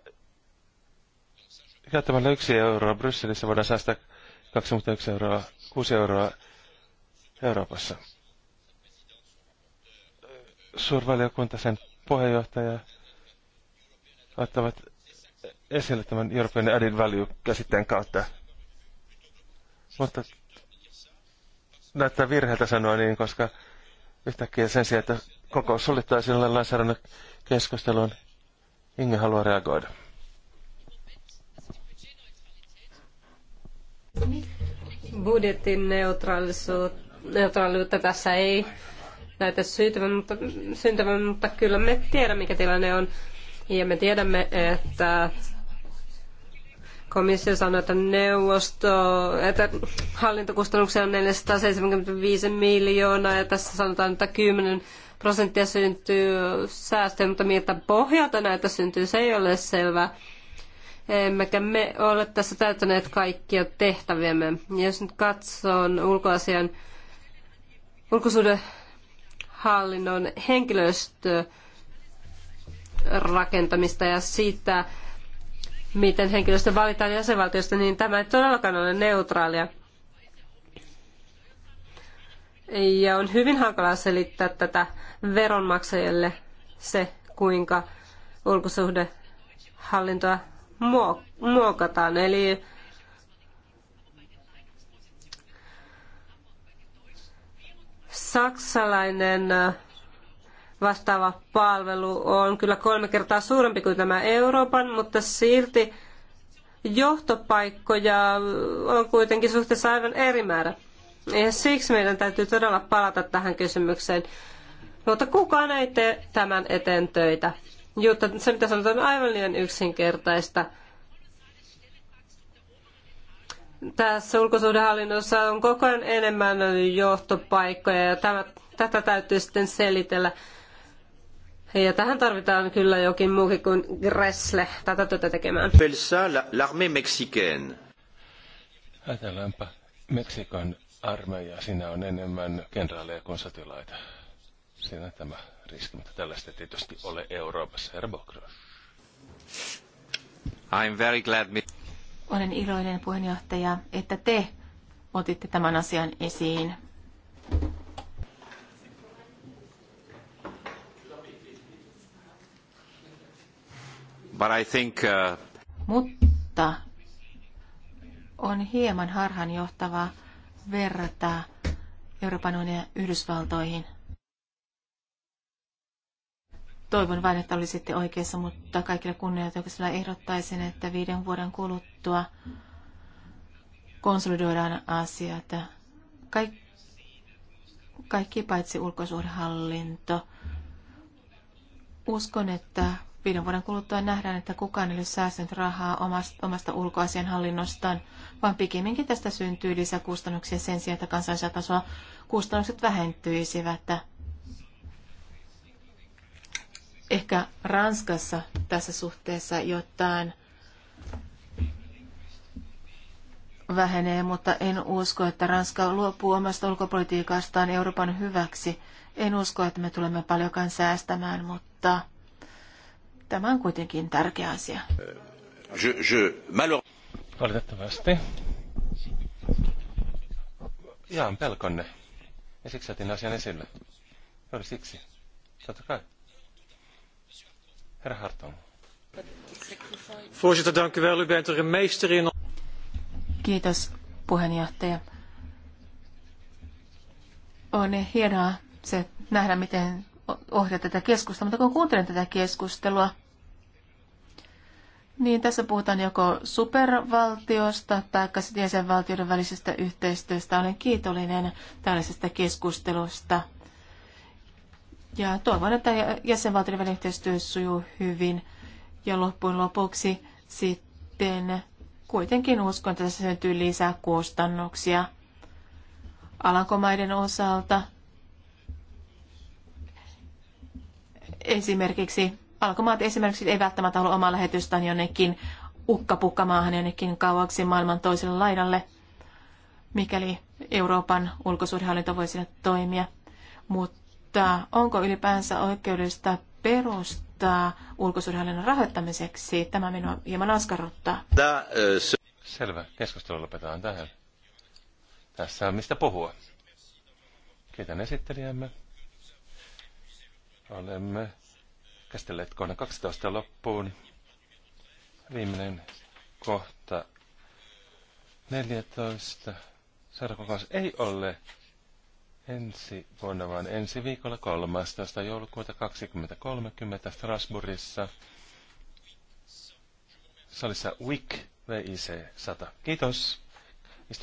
käyttämällä yksi euroa Brysselissä voidaan säästää 21 euroa, 6 euroa Euroopassa. Suurvaliokunta, sen puheenjohtaja, ottavat esille tämän European Added Value-käsitteen kautta. Mutta näyttää virheeltä sanoa niin, koska yhtäkkiä sen sijaan, että koko sinulle lainsäädännön keskusteluun Inge haluaa reagoida. Budjetin neutraaliutta tässä ei näitä syntyvän, mutta, syntyvän, mutta kyllä me tiedämme, mikä tilanne on. Ja me tiedämme, että Komissio sanoi, että neuvosto, että hallintokustannuksia on 475 miljoonaa ja tässä sanotaan, että 10 prosenttia syntyy säästöjä, mutta miltä pohjalta näitä syntyy, se ei ole selvää. Emmekä me ole tässä täyttäneet kaikkia tehtäviämme. Jos nyt katsoo ulkoasian ulkosuudenhallinnon henkilöstö rakentamista ja sitä, miten henkilöstö valitaan jäsenvaltiosta, niin tämä ei todellakaan ole neutraalia. Ja on hyvin hankalaa selittää tätä veronmaksajille se, kuinka ulkosuhdehallintoa muokataan. Eli saksalainen vastaava palvelu on kyllä kolme kertaa suurempi kuin tämä Euroopan, mutta silti johtopaikkoja on kuitenkin suhteessa aivan eri määrä. Ja siksi meidän täytyy todella palata tähän kysymykseen. Mutta kukaan ei tee tämän eteen töitä. Jotta se, mitä sanotaan, on aivan liian yksinkertaista. Tässä ulkosuhdehallinnossa on koko ajan enemmän johtopaikkoja ja tämä, tätä täytyy sitten selitellä. Ja tähän tarvitaan kyllä jokin muukin kuin Gressle tätä työtä tekemään. l'armée mexicaine. Ajatellaanpa Meksikon armeija. Siinä on enemmän kenraaleja kuin sotilaita. Siinä tämä riski, mutta tällaista tietysti ole Euroopassa. Herra I'm very glad me... Olen iloinen puheenjohtaja, että te otitte tämän asian esiin. But I think, uh... Mutta on hieman harhaanjohtavaa verrata Euroopan unionia Yhdysvaltoihin. Toivon vain, että olisitte oikeassa, mutta kaikille kunnioituksella ehdottaisin, että viiden vuoden kuluttua konsolidoidaan asiat. Kaik- kaikki paitsi ulkosuhdehallinto. Uskon, että Viiden vuoden kuluttua nähdään, että kukaan ei ole säästänyt rahaa omasta, omasta hallinnostaan, vaan pikemminkin tästä syntyy lisäkustannuksia sen sijaan, että kansallisella tasolla kustannukset vähentyisivät. Ehkä Ranskassa tässä suhteessa jotain vähenee, mutta en usko, että Ranska luopuu omasta ulkopolitiikastaan Euroopan hyväksi. En usko, että me tulemme paljonkaan säästämään, mutta Tämä on kuitenkin tärkeä asia. Je, je, malor... Valitettavasti. Jaan pelkonne. Ja siksi otin asian esille. Juuri siksi. Totta kai. Herra Hartong. Voorzitter, dank u wel. U bent er een meester in. Kiitos, puheenjohtaja. On hienoa se nähdä, miten ohjaa tätä keskustelua, mutta kun kuuntelen tätä keskustelua, niin, tässä puhutaan joko supervaltiosta tai jäsenvaltioiden välisestä yhteistyöstä. Olen kiitollinen tällaisesta keskustelusta. Ja toivon, että jäsenvaltioiden välinen yhteistyö sujuu hyvin. Ja loppujen lopuksi sitten kuitenkin uskon, että tässä syntyy lisää kustannuksia alankomaiden osalta. Esimerkiksi Alkomaat esimerkiksi ei välttämättä halua omaa lähetystään jonnekin ukkapukkamaahan jonnekin kauaksi maailman toiselle laidalle, mikäli Euroopan ulkosuhdehallinto voi sille toimia. Mutta onko ylipäänsä oikeudellista perustaa ulkosuhdehallinnon rahoittamiseksi? Tämä minua hieman askarruttaa. Selvä. Keskustelu lopetetaan tähän. Tässä on mistä puhua. Kiitän esittelijämme. Olemme käsitelleet kohdan 12 loppuun. Viimeinen kohta 14. Sairaankokous ei ole ensi vuonna, vaan ensi viikolla 13. joulukuuta 2030 Strasbourgissa salissa WIC WIC 100. Kiitos.